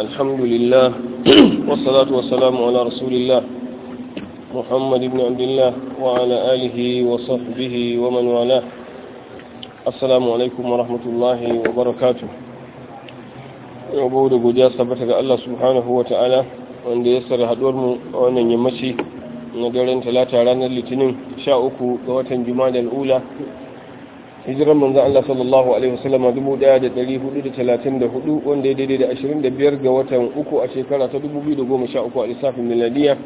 الحمد لله والصلاة والسلام على رسول الله محمد بن عبد الله وعلى آله وصحبه ومن والاه السلام عليكم ورحمة الله وبركاته يقول قد يصبتك الله سبحانه وتعالى وأن يسر هدورم وأن يمشي na daren talata ranar litinin sha uku ga watan jima'a da al'ula hijiran manzan Allah sallallahu Alaihi wasallama 1434 wanda ya daidai da 25 ga watan uku a shekara ta 2013 a lissafin miladiya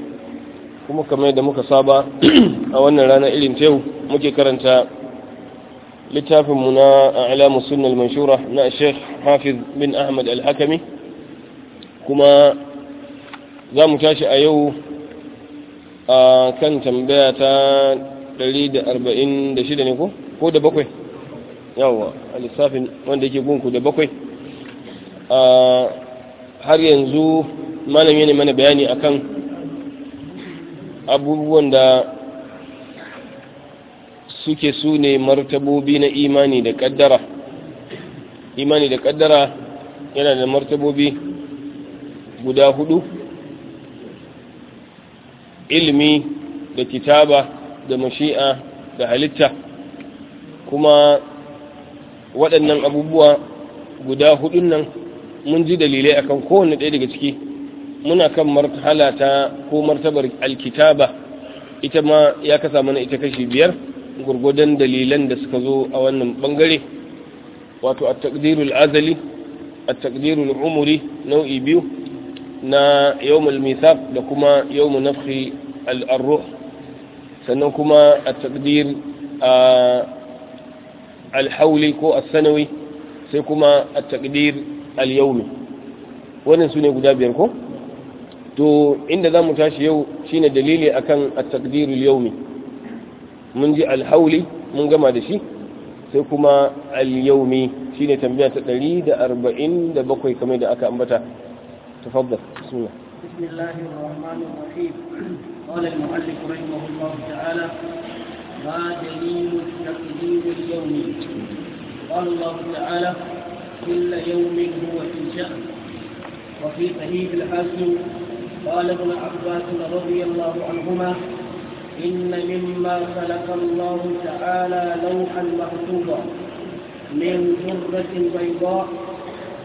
kuma kamar da muka saba a wannan rana irin tehu muke karanta littafinmu na alamun sunan manshura na sheikh hafiz bin ahmad al-hakami kuma za mu tashi a yau a kan tambaya ta 146 ne ko da bakwai yawa a lissafin wanda yake gunku da bakwai har yanzu malami ne mana bayani akan abubuwan da suke su ne martabobi na imani da kaddara imani da kaddara yana da martabobi guda hudu ilimi da kitaba da mashi'a da halitta kuma waɗannan abubuwa guda hudun nan mun ji dalilai akan kowane ɗaya daga ciki muna kan martala ta ko martabar alkitaba ita ma ya kasa mana ita kashi biyar gurgudan dalilan da suka zo a wannan bangare wato at-taqdirul azali at-taqdirul umuri nau'i biyu na yawmul mithaq da kuma yawmun nafhi al-ruh sannan kuma at-taqdir alhauli ko asanawi sai kuma a takdir alyaumi wannan su ne guda biyar ko to inda za mu tashi yau shine dalili akan a takdir alyaumi mun ji alhauli mun gama da shi sai kuma alyaumi shine tambaya ta 147 kamar da aka ambata tafaddal bismillah بسم الله الرحمن الرحيم قال المؤلف رحمه الله تعالى ما دليل التقدير اليومي قال الله تعالى كل يوم هو في شأن وفي صحيح الحاكم قال ابن عباس رضي الله عنهما إن مما خلق الله تعالى لوحا مكتوبا من درة بيضاء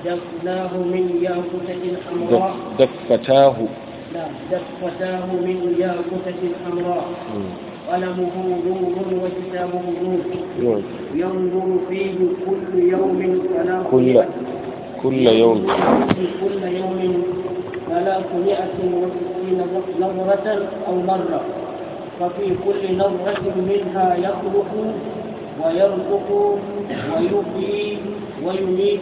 دفناه من ياقوتة حمراء دفتاه لا نعم، دفتاه من ياقوتة حمراء قلمه نور وكتابه نور ينظر فيه كل يوم كل كل يوم كل يوم ثلاثمائة وستين نظرة أو مرة ففي كل نظرة منها يخلق ويرزق ويحيي ويميت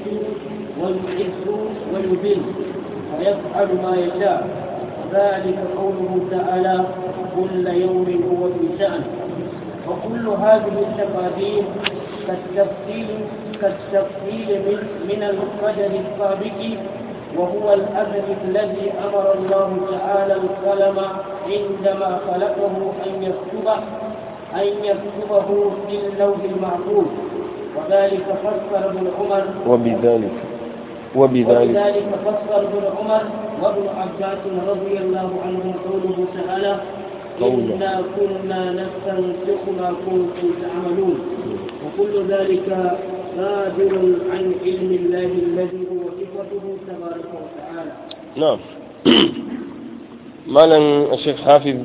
ويعز ويذل ويفعل ما يشاء ذلك قوله تعالى كل يوم هو في شأن وكل هذه التقادير كالتفصيل كالتفصيل من, من المخرج السابق وهو الأمر الذي أمر الله تعالى القلم عندما خلقه أن يكتبه أن يكتبه في اللوح المعقول وذلك فسر ابن عمر وبذلك وبذلك فسر ابن عمر وابن عباس رضي الله عنهم قوله تعالى إنا كنا نستنسخ ما كنتم تعملون وكل ذلك صادر عن علم الله الذي هو صفته تبارك وتعالى نعم مالا الشيخ حافظ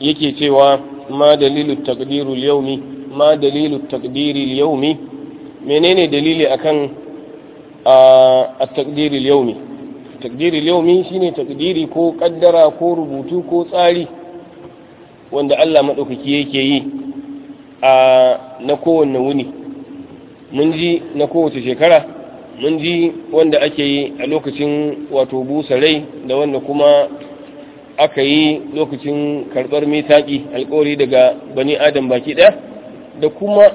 yake cewa ma dalilu takdirul yaumi ma dalilu takdiril yaumi menene dalili akan a takdiril yaumi takdiril yaumi shine takdiri ko kaddara ko rubutu ko tsari wanda Allah maɗaukaki yake yi a na kowanne wuni mun ji na kowace shekara mun ji wanda ake yi a lokacin wato busarai da wanda kuma aka yi lokacin karɓar mitaƙi alƙawari daga bani adam baki ɗaya da kuma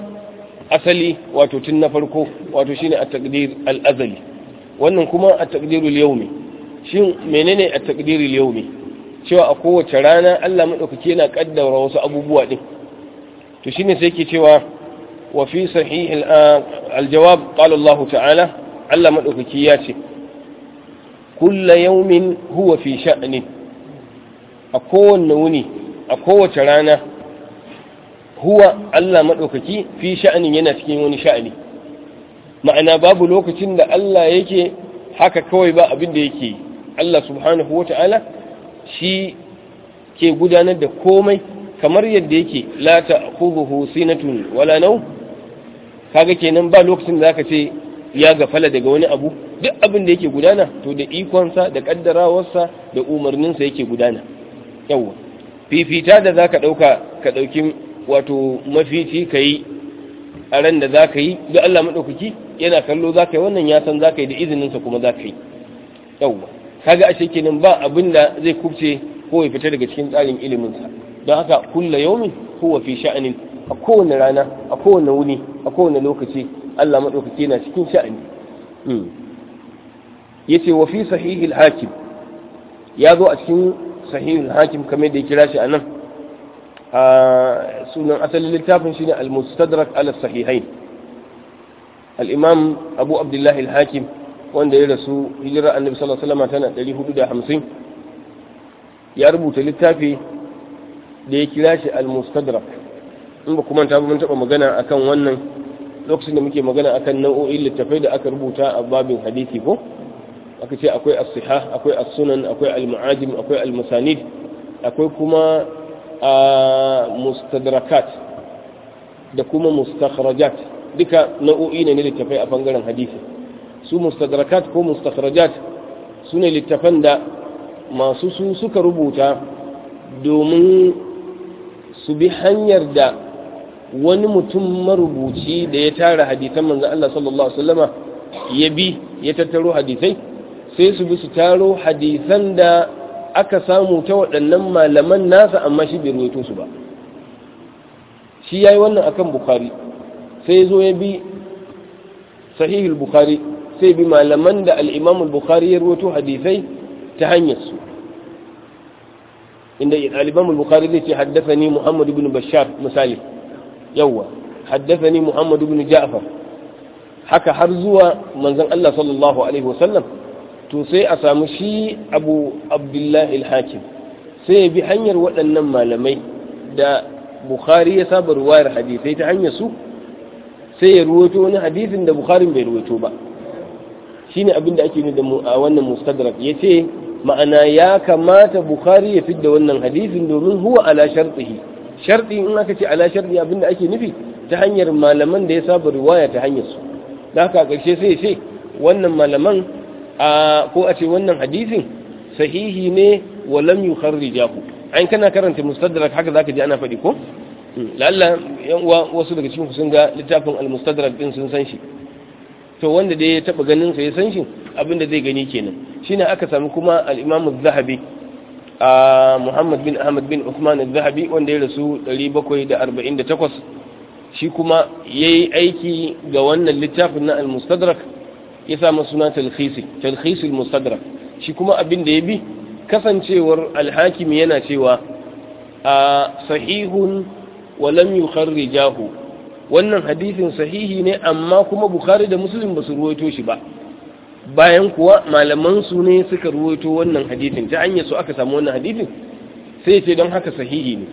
asali wato tun na farko wato shine at-taqdir al-azali wannan kuma at-taqdirul yawmi shin menene at-taqdirul yawmi cewa a kowace rana Allah madaukake yana kaddara wasu abubuwa din to shine sai yake cewa wa fi sahih al-jawab qala Allah ta'ala Allah madaukake ya ce kullu yawmin huwa fi sha'nin a kowanne wuni a kowace rana huwa Allah maɗaukaki fi sha'anin yana cikin wani sha'ani ma'ana babu lokacin da Allah yake haka kawai ba abin da yake Allah subhanahu wata'ala shi ke gudanar da komai kamar yadda yake la ta'khudhuhu sinatun wala nau kaga kenan ba lokacin da zaka ce ya gafala daga wani abu duk abin da yake gudana to da ikonsa da ƙaddarawarsa, da umarninsa yake gudana yawa fifita da zaka dauka ka dauki wato mafici ka yi a ran da za ka yi da Allah maɗaukaki yana kallo za ka yi wannan ya san za ka yi da izininsa kuma za ka yi yauwa kaga ashe kenan ba abin da zai kubce ko ya fita daga cikin tsarin iliminsa don haka kulla ne, ko fi sha'anin a kowane rana a kowane wuni a kowane lokaci Allah maɗaukaki yana cikin sha'ani hmm. Ya wa fi sahihil hakim ya zo a cikin sahihul hakim kamar da ya kira shi a nan sunan asalin littafin shine al-mustadrak ala sahihain al-imam abu abdullahi al-hakim wanda ya rasu hijira annabi sallallahu alaihi wasallam tana 450 ya rubuta littafi da ya kira shi al-mustadrak in ba kuma ta mun taba magana akan wannan lokacin da muke magana akan nau'o'in littafai da aka rubuta a babin hadisi ko aka ce akwai as-sihah akwai as-sunan akwai al-mu'ajim akwai al-musanid akwai kuma A mustadrakat da kuma mustakharajat duka nau'o'i ne na littafai a bangaren hadisi su mustadrakat ko mustakharajat su ne littafan da masu su suka rubuta domin su bi hanyar da wani mutum marubuci da ya tara hadisan manzan Allah sallallahu Alaihi ya bi ya tattaro hadisai sai su bi su taro hadisan da aka samu ta waɗannan malaman nasa amma shi bai ruwaito su ba shi yayi wannan akan bukhari sai zo ya bi sahihul bukhari sai bi malaman da al-imam bukhari ya ruwaito hadisai ta hanyar su inda al-imam bukhari zai ce haddathani muhammad ibn bashar misali yawa haddathani muhammad ibn ja'far haka har zuwa manzon Allah sallallahu alaihi wasallam to sai a samu shi abu abdullahi hakim sai ya bi hanyar waɗannan malamai da bukhari ya saba ruwayar hadisai ta hanyar su sai ya ruwato wani hadisin da bukharin bai ruwato ba shine abin da ake da wannan mustadrak yace ma'ana ya kamata bukhari ya da wannan hadisin domin huwa ala shartihi sharti in aka ce ala sharti abin da ake nufi ta hanyar malaman da ya saba riwaya ta hanyar su da haka ƙarshe sai ya ce wannan malaman ko a ce wannan hadisin sahihi ne wa lam yukharrijahu an kana karanta mustadrak haka zaka ji ana fadi ko hmm, lalla yan uwa wasu daga cikin sun ga littafin al-mustadrak din sun san shi to wanda dai ya taba ganin sa ya san shi abinda zai gani kenan shine aka sami kuma al-imam az-zahabi a Muhammad bin Ahmad bin Uthman az-zahabi wanda ya rasu 748 shi kuma yayi aiki ga wannan littafin na al-mustadrak ya sa suna talhisi talhisul mustadrak shi kuma abin da ya bi kasancewar alhakim yana cewa a sahihun wa yukharrijahu wannan hadisin sahihi ne amma kuma bukhari da muslim ba su ruwaito shi ba bayan kuwa malaman su ne suka ruwaito wannan hadisin ta hanyar su aka samu wannan hadisin sai ce don haka sahihi ne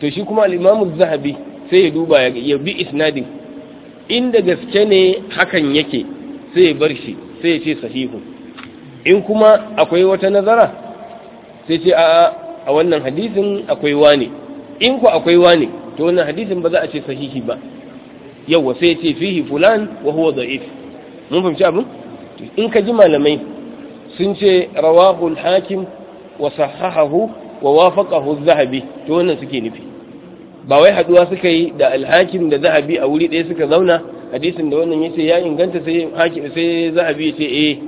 to shi kuma al zahabi sai ya duba ya bi isnadin inda gaske ne hakan yake sai ya bar shi sai ya ce sahihu in kuma akwai wata nazara sai ce a a wannan hadisin akwai wani in ku akwai wani to wannan hadisin ba za a ce sahihi ba yawa sai ya ce fihi fulan wa huwa da'if mun fahimci abin in ka ji malamai sun ce rawahu al-hakim wa sahahahu wa wafaqahu az-zahabi to wannan suke nufi ba wai haduwa suka yi da alhakin da zahabi a wuri ɗaya suka zauna hadisin da wannan yace ya inganta sai hakim sai zahabi yace eh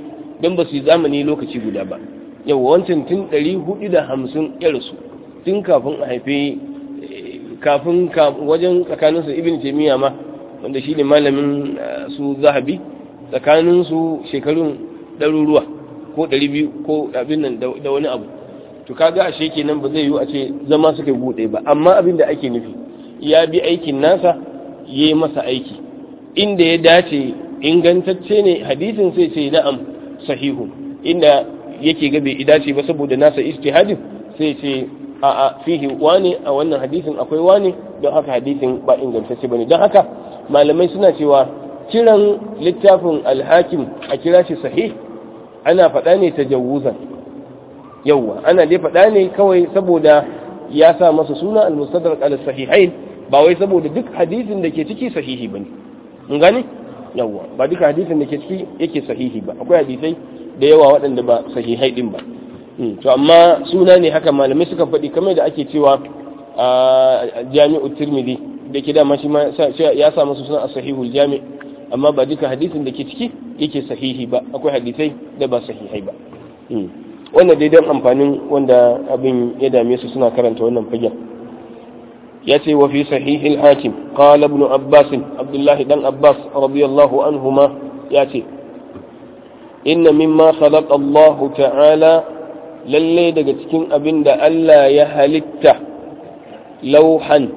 dan ba su yi zamani lokaci guda ba yau wancan tun 450 ya rasu tun kafin a haife eh, kafin wajen tsakanin su ibn jamiya ma wanda shi malamin eh, su zahabi tsakanin su shekarun ɗaruruwa ko 200 ko abin nan da wani abu to kaga ashe kenan ba zai yiwu a ce zama suka buɗe ba amma abin da ake nufi ya bi aikin nasa yayi masa aiki inda ya dace ingantacce ne hadisin sai ce na'am sahihu inda yake ga bai dace ba saboda nasa ijtihadin sai ce a a fihi wani a wannan hadisin akwai wani don haka hadisin ba ingantacce bane don haka malamai suna cewa kiran littafin alhakim a kira shi sahih ana faɗa ne ta Jawuzan. yawwa ana dai faɗa ne kawai saboda ya sa masa suna al-mustadrak al-sahihain ba wai saboda duk hadisin da ke ciki sahihi bane mun gane yawwa ba duka hadisin da ke ciki yake sahihi ba akwai hadisai da yawa waɗanda ba sahihai din ba hmm, to amma suna ne haka malamai suka faɗi kamar da ake cewa a jami'u tirmidhi da ke dama shi ya sa masu suna a sahihul jami amma ba duka hadisin da ke ciki yake sahihi ba akwai hadisai da ba sahihai ba hmm. wannan dai amfanin wanda abin ya dame su suna karanta wannan fagen ya ce wa fi sahihin hakim qala ibn abbas abdullahi dan abbas radiyallahu anhuma ya ce inna mimma khalaqa Allah ta'ala lalle daga cikin abin da Allah ya halitta lauhan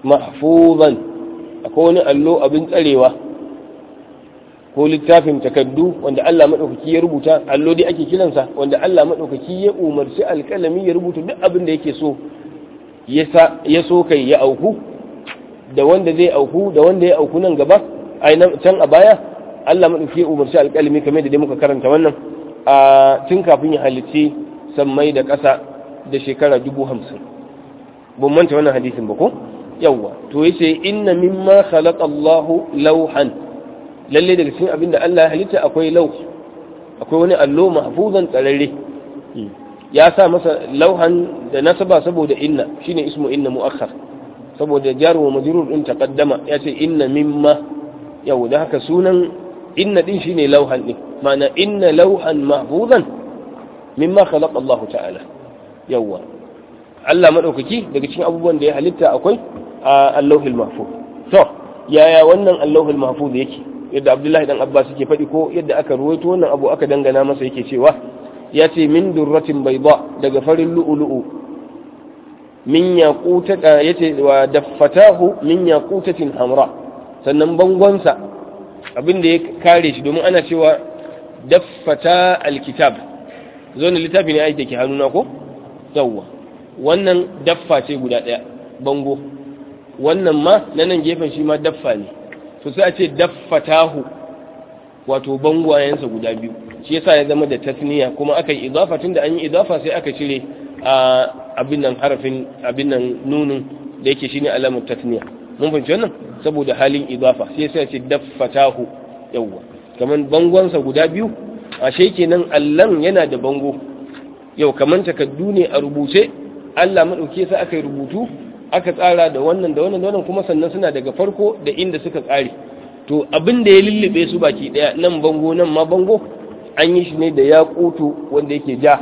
mahfuzan akwai wani allo abin tsarewa ko littafin takaddu wanda Allah maɗaukaki ya rubuta allodi ake kiransa wanda Allah maɗaukaki ya umarci alƙalami ya rubuta duk abin da yake so ya so kai ya auku da wanda zai auku da wanda ya auku nan gaba ai can a baya Allah maɗaukaki ya umarci alƙalami kamar da dai muka karanta wannan a tun kafin ya san sammai da ƙasa da shekara dubu hamsin manta wannan hadisin ba ko yawa? to yace inna mimma khalaqa Allahu lawhan lalle daga cikin abin da Allah ya halitta akwai lauh akwai wani allo mahfuzan tsararre ya sa masa lauhan da nasaba saboda inna shine ismu inna muakhar saboda jaru wa majrur din taqaddama ya ce inna mimma yau da haka sunan inna din shine lauhan din ma'ana inna lauhan mahfuzan mimma khalaq Allah ta'ala yawa Allah madaukaki daga cikin abubuwan da ya halitta akwai a allahul mahfuz to yaya wannan allahul mahfuz yake yadda abdullahi dan abbas yake faɗi ko yadda aka ruwaito wannan abu aka dangana masa yake cewa ya ce min durratin bayda daga farin lu'ulu'u min ya ce wa daffatahu min yaqutatin hamra sannan bangonsa abin ya kare shi domin ana cewa daffata alkitab zo ne littafi ne aiki ke hannuna ko yawwa wannan daffa ce guda daya bango wannan ma na nan gefen shi ma daffa ne to sai a ce daffatahu wato bangwayensa guda biyu shi yasa ya zama da tasniya kuma aka yi idafa tunda an yi idafa sai aka cire abin nan harafin abin nan nunin da yake shine alamar tasniya mun fahimci wannan saboda halin idafa sai ya ce daffatahu yawwa kaman bangonsa guda biyu ashe kenan allan yana da bango yau kaman takaddu ne a rubuce Allah madauke sa aka rubutu aka tsara da wannan da wannan da wannan kuma sannan suna daga farko da inda suka tsare to abin da ya lullube su baki daya nan bango nan ma bango an yi shi ne da yakutu wanda yake ja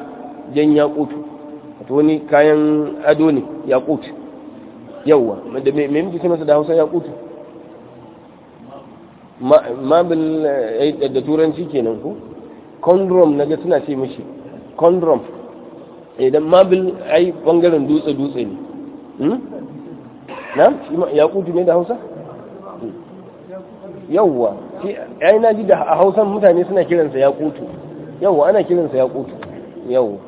jan yakutu to wani kayan ado ne yakutu yawa da me me muke masa da Hausa yakutu ma ma bil eh, da turanci kenan ko condom naga suna ce mishi condom idan eh, bil ai bangaren dutse dutse ne Hmm? na yakutu ne da hausa yawwa ai na ji da a hausan mutane suna kiransa yakutu yawwa ana kiransa yakutu yawwa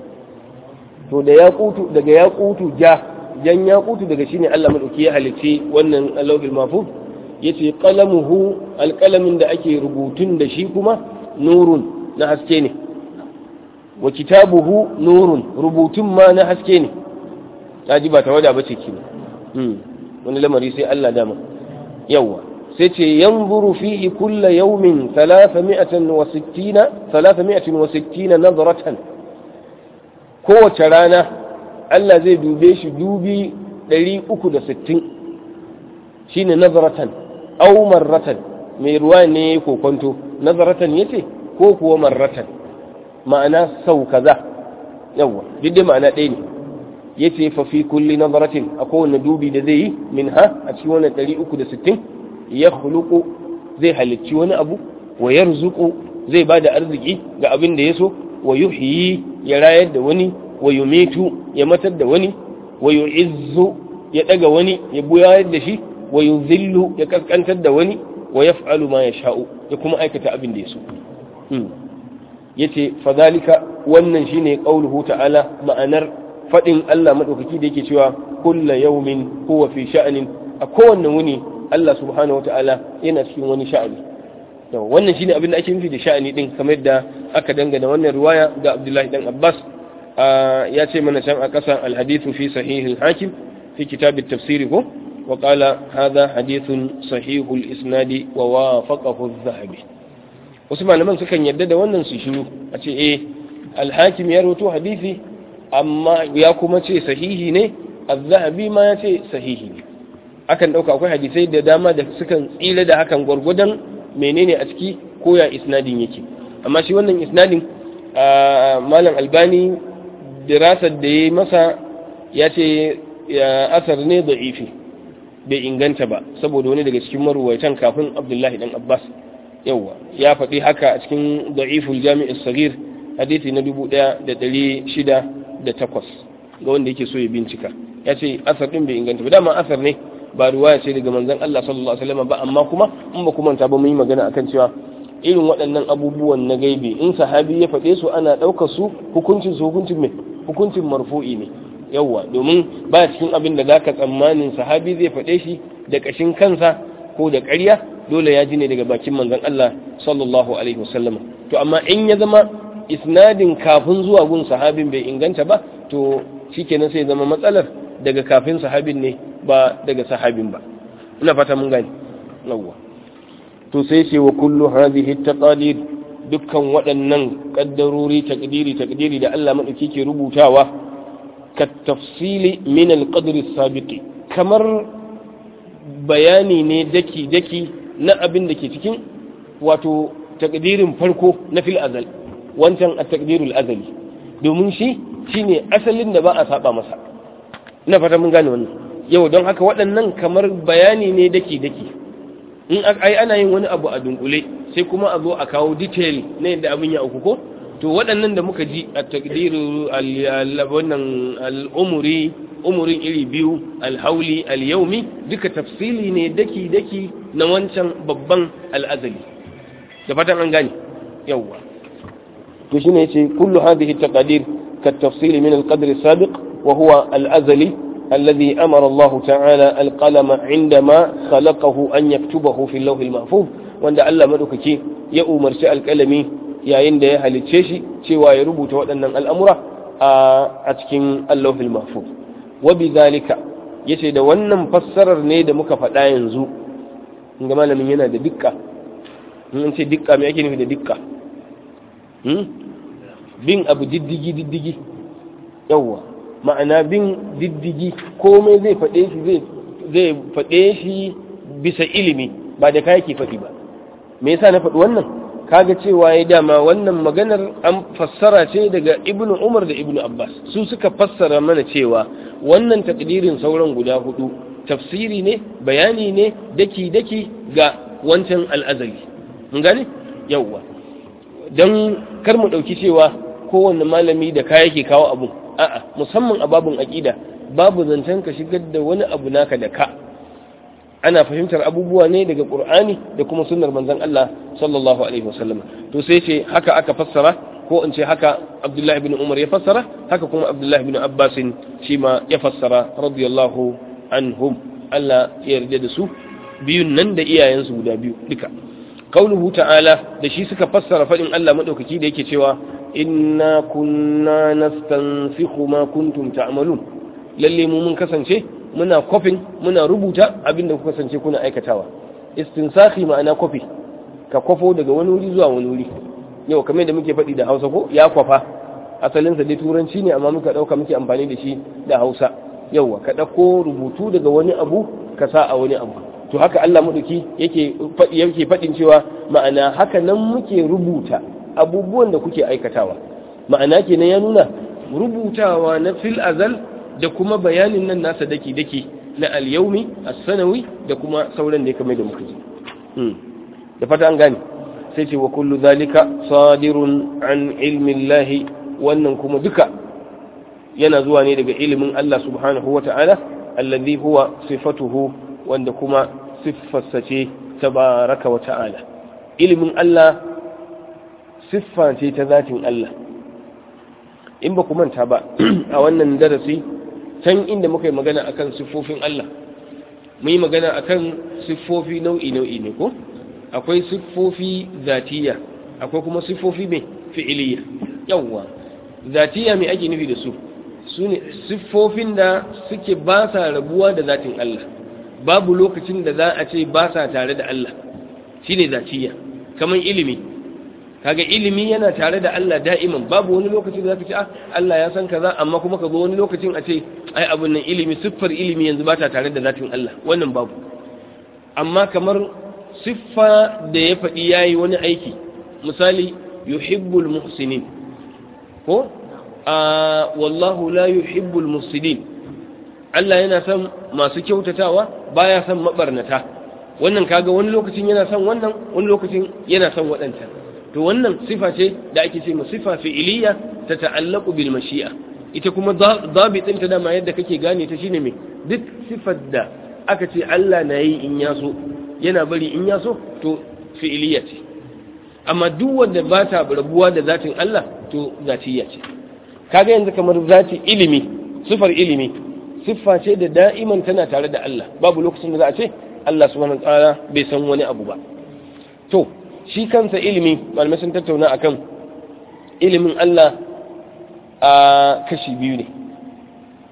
to da yakutu daga yakutu ja jan yakutu daga shi ne Allah madauki ya halice wannan lauhil mahfuz yace qalamuhu alqalamin da ake rubutun da shi kuma nurun na haske ne wa kitabuhu nurun rubutun ma na haske ne ta ji ba tawada ba ce hmm. ki wani lamari sai Allah dama yawa sai ce yanzuru fihi kulla yawmin 360 360 nazaratan kowace rana Allah zai dube shi dubi 360 ne nazaratan aw marratan mai ruwa ne ko kwanto ya ce ko kuwa marratan ma'ana sau kaza yawa duk ma'ana ɗaya ne yace fafi kulli kulli nazaratin a kowane dubi da zai yi minha a cikin da sittin ya khuluqu zai halicci wani abu wa yarzuqu zai da arziki ga abin da so wa yuhyi ya rayar da wani wa yumitu ya matar da wani wa yu'izzu ya daga wani ya buyar da shi wa yuzillu ya kaskantar da wani wa yaf'alu ma sha'u ya kuma aikata abin da yaso hmm. yace fadalika wannan shine qauluhu ta'ala ma'anar fadin Allah madaukaki da yake cewa kulla yawmin huwa fi sha'anin a kowanne wuni Allah subhanahu wataala yana cikin wani sha'ani to wannan shine abin da ake nufi da sha'ani din kamar yadda aka dangana wannan riwaya ga Abdullahi dan Abbas ya ce mana can a ƙasa alhadithu fi sahihul hakim fi kitabit tafsiri ko wa qala hadha hadithun sahihul isnadi wa wafaqahu adh-dhahabi wasu malaman sukan yadda da wannan su shiru a ce eh alhakim ya rawaito hadisi amma ya kuma ce sahihi ne azzahabi ma ya ce sahihi ne akan dauka akwai hadisai da dama da sukan tsira da hakan gwargwadon menene a ciki ko ya isnadin yake amma shi wannan isnadin malam albani dirasar da ya masa ya ce ya asar ne da'ifi bai inganta ba saboda wani daga cikin maruwaitan kafin abdullahi dan abbas yawa ya faɗi haka a cikin da'iful jami'in sagir hadisi na 1600 da takwas ga wanda yake so ya bincika ya ce asar ɗin bai inganta ba dama asar ne ba ruwa ya ce daga manzan Allah sallallahu alaihi wasallam ba amma kuma in ba kuma ta ba mu yi magana akan cewa irin waɗannan abubuwan na gaibi in sahabi ya faɗe su ana ɗaukar su hukuncin su hukuncin mai hukuncin marfu'i ne yawwa domin ba cikin abin da zaka tsammanin sahabi zai faɗe shi da kashin kansa ko da ƙarya dole ya ji ne daga bakin manzan Allah sallallahu alaihi wasallam to amma in ya zama isnadin kafin zuwa gun sahabin bai inganta ba to shi shikenan sai zama matsalar daga kafin sahabin ne ba daga sahabin ba ina fata mun gani yawwa to sai ce wa kullu hadhihi taqadir dukkan waɗannan ƙaddarori, takdiri takdiri da Allah madauki ke rubutawa ka tafsili min al-qadr kamar bayani ne daki daki na abin da ke cikin wato takdirin farko na fil azal wancan a takdirul azali domin shi shine asalin da ba a saba masa ina fata mun gane wannan yau don haka waɗannan kamar bayani ne daki daki in ai ana yin wani abu a dunkule sai kuma a zo a kawo detail na yadda abin ya uku ko to waɗannan da muka ji a takdiru wannan al'umuri umuri iri biyu alhauli alyaumi duka tafsili ne daki-daki na wancan babban al'azali da fatan an gani yawwa to shine yace kullu hadhihi taqadir ka tafsil min al-qadr as-sabiq wa huwa al-azali alladhi amara Allah ta'ala al inda ma khalaqahu an yaktubahu fi al-lawh al-mahfuz wanda Allah madukake ya umarci al-qalami yayin da ya halice shi cewa ya rubuta waɗannan al'amura a cikin al-lawh al-mahfuz wa bidhalika yace da wannan fassarar ne da muka faɗa yanzu inda malamin yana da dukka in ce dukka me ake nufi da dikka. Hmm? bin abu diddigi diddigi yawwa ma'ana bin diddigi komai zai faɗe shi zai faɗe shi bisa ilimi ba da kayake faɗi ba me yasa na faɗi wannan kaga cewa ya dama wannan maganar an fassara ce daga ibnu umar da ibnu abbas su suka fassara mana cewa wannan takdirin sauran guda hudu tafsiri ne bayani ne daki daki ga wancan al'azali mun yawwa don kar mu ɗauki cewa kowane malami da kaya ke kawo abu a'a musamman a babun aƙida babu zancen ka shigar da wani abu naka da ka ana fahimtar abubuwa ne daga ƙur'ani da kuma sunnar manzon Allah sallallahu alaihi wasallam to sai ce haka aka fassara ko in ce haka Abdullahi bin Umar ya fassara haka kuma Abdullahi bin Abbas shi ma ya fassara radiyallahu anhum Allah ya yarda da su biyun nan da iyayensu guda biyu duka qauluhu ta'ala da shi suka fassara faɗin Allah madaukaki da yake cewa inna kunna nastansikhu ma kuntum ta'malun lalle mu mun kasance muna kofin muna rubuta abin da ku kasance kuna aikatawa istinsakhi ma'ana kofi ka kwafo daga wani wuri zuwa wani wuri yau kamar da muke faɗi da Hausa ko ya kwafa sa dai turanci ne amma muka ɗauka muke amfani da shi da Hausa yauwa ka ɗauko rubutu daga wani abu ka sa a wani abu to haka Allah maɗauki yake yake fadin cewa ma'ana haka nan muke rubuta abubuwan da kuke aikatawa ma'ana kenan ya nuna rubutawa na fil azal da kuma bayanin nan nasa daki daki na al-yawmi as-sanawi da kuma sauran da ya mai da muke ji hmm. da fata an gane sai ce wa kullu zalika sadirun an ilmi Allah wannan kuma duka yana zuwa ne daga ilimin Allah subhanahu wata'ala alladhi huwa sifatuhu wanda kuma siffarsa ce ta baraka wa ta'ala ilimin Allah siffa ce ta zatin Allah in ba ku manta ba a wannan darasi can inda muka yi magana akan siffofin Allah mu yi magana akan siffofi nau'i nau'i ne ko akwai siffofi zatiya akwai kuma siffofi mai fi'iliya yawwa zatiya mai ake nufi da su su ne siffofin da suke ba sa rabuwa da zatin Allah babu lokacin da za a ce ba sa tare da Allah Shi ne zaciya. kamar ilimi kaga ilimi yana tare da Allah da'iman babu wani lokacin da ka ce ah, Allah ya san kaza amma kuma ka zo wani lokacin a ce ai abun nan ilimi siffar ilimi yanzu ba ta tare da zatin Allah wannan babu amma kamar siffa da ya faɗi yayi wani aiki misali yuhibbul muhsinin ko a ah, wallahu la yuhibbul muhsinin Allah yana son masu kyautatawa baya son mabarnata wannan kaga wani lokacin yana son wannan wani lokacin yana son waɗanta to wannan sifa ce da ake ce sifa fi'iliya ta ta'allaku bil mashi'a ita kuma zabitin ta dama yadda kake gane ta shine me duk sifar da aka ce Allah na yi in ya yana bari in ya so to fi'iliya ce amma duk wanda ba ta rabuwa da zatin Allah to zatiyya ce kaga yanzu kamar zati ilimi sifar ilimi siffa ce da da'iman tana tare da Allah babu lokacin da za a ce Allah subhanahu ta'ala bai san wani abu ba to shi kansa ilimi malamai sun tattauna akan ilimin Allah a kashi biyu ne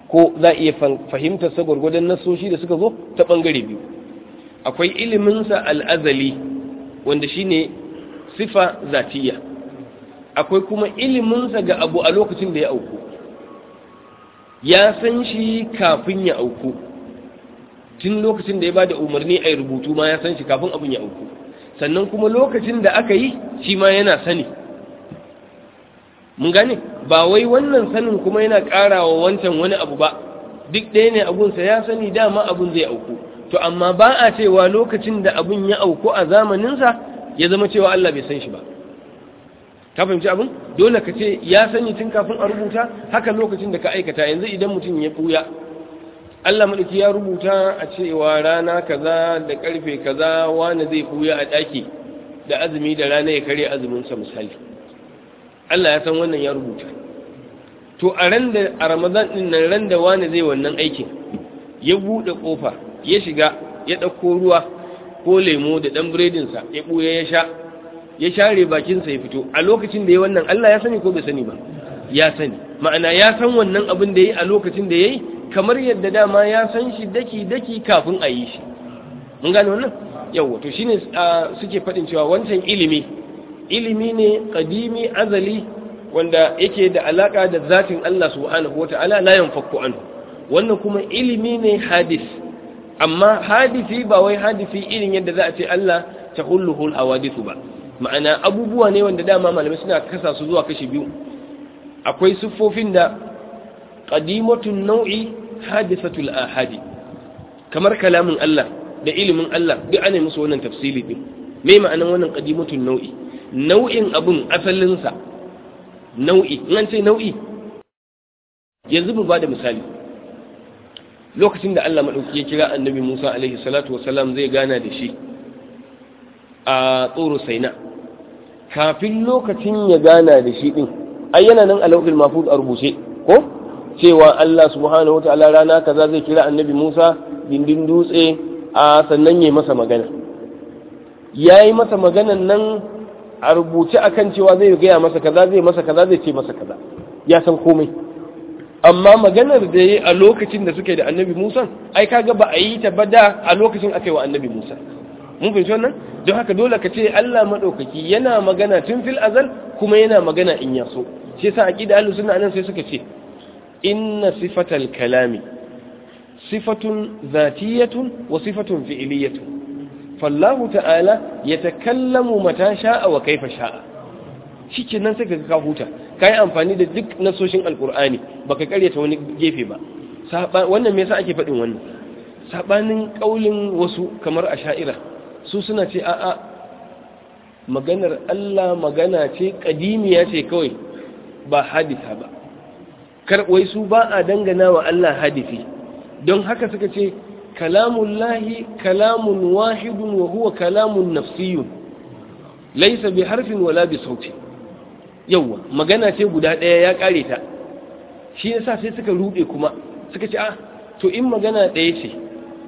ko za a iya fahimtar sa nasoshi da suka zo ta bangare biyu akwai iliminsa al'azali wanda shine sifa zatiya akwai kuma iliminsa ga abu a lokacin da ya auku ya san shi kafin ya auku tun lokacin da ya ba da umarni a rubutu ma ya san shi kafin abin ya auku sannan kuma lokacin da aka yi shi ma yana sani mun gane ba wai wannan sanin kuma yana ƙara wa wancan wani abu ba duk ɗaya ne abunsa ya sani dama abun zai auku to amma ba a cewa lokacin da abun ya auku a zamaninsa ya zama cewa Allah bai san shi ba ka fahimci abin dole ka ce ya sani tun kafin a rubuta haka lokacin da ka aikata yanzu idan mutum ya buya Allah madauki ya rubuta a cewa rana kaza da karfe kaza wani zai buya a daki da azumi da rana ya kare azuminsa misali Allah ya san wannan ya rubuta to a ran da a Ramadan din nan ran da wani zai wannan aikin ya buɗe kofa ya shiga ya ɗauko ruwa ko lemo da ɗan biredin sa ya buya ya sha ya share bakinsa ya fito a lokacin da ya wannan Allah ya sani ko bai sani ba ya sani ma'ana ya san wannan abin da ya yi a lokacin da ya yi kamar yadda dama ya san shi daki-daki kafin a yi shi mun gane wannan yawa to shine suke faɗin cewa wancan ilimi ilimi ne kadimi azali wanda yake da alaka da zatin Allah subhanahu wata'ala la yanfaku anhu wannan kuma ilimi ne hadis amma hadisi ba wai hadisi irin yadda za a ce Allah ta tahulluhul hawadithu ba ma'ana abubuwa ne wanda dama malamai suna kasa su zuwa kashi biyu akwai siffofin da qadimatun nau'i hadisatul ahadi kamar kalamin Allah da ilimin Allah duk ana musu wannan tafsili din me ma'anan wannan qadimatun nau'i nau'in abun asalin sa nau'i in ce nau'i yanzu mu bada misali lokacin da Allah madauki ya kira annabi Musa alaihi salatu wasalam zai gana da shi a tsoro saina kafin lokacin ya gana da shi din, ai yana nan a lauƙin mafuz a rubuce ko cewa Allah subhanahu wataala rana kaza zai kira annabi Musa dindin dutse a sannan yayi masa magana yayi masa magana nan a rubuce akan cewa zai gaya masa kaza zai masa kaza zai ce masa kaza ya san komai amma maganar da yayi a lokacin da suke da annabi Musa ai kaga ba a yi ta ba da a lokacin aka yi wa annabi Musa mun fahimci wannan don haka dole ka ce Allah madaukaki yana magana tun fil azal kuma yana magana in ya so shi yasa aqida ahlus sunna anan sai suka ce inna sifatal kalami sifatun zatiyatun wa sifatun fi'liyatun fallahu ta'ala yatakallamu mata sha'a wa kaifa sha'a nan sai ka ka huta kai amfani da duk nasoshin alqur'ani baka karyata wani gefe ba wannan me yasa ake faɗin wannan sabanin kaulin wasu kamar asha'ira su suna ce a'a maganar Allah magana ce kadimiya ce kawai ba hadisa ba karɓai su ba a dangana wa Allah hadisi don haka suka ce kalamun lahi kalamun wahidun wa huwa kalamun nafsiyu laisa bi harfin wala bi sauti yawwa magana ce guda ɗaya ya ƙare ta shi yasa sai suka rude kuma suka ce a, ah, to in magana ɗaya ce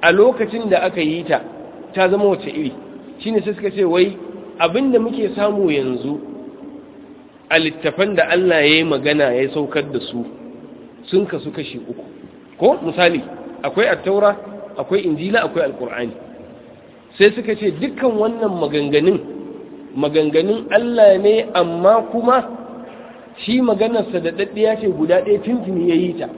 a lokacin da aka yi ta ta zama wace iri shine sai suka ce wai abinda muke samu yanzu a littafan da Allah ya yi magana ya saukar da su sun kasu kashi uku ko misali akwai attaura akwai injila akwai alkur'ani sai suka ce dukkan wannan maganganun maganganun Allah ne amma kuma shi maganarsa da daddiya ce guda ɗaya tuntuni ya yi ta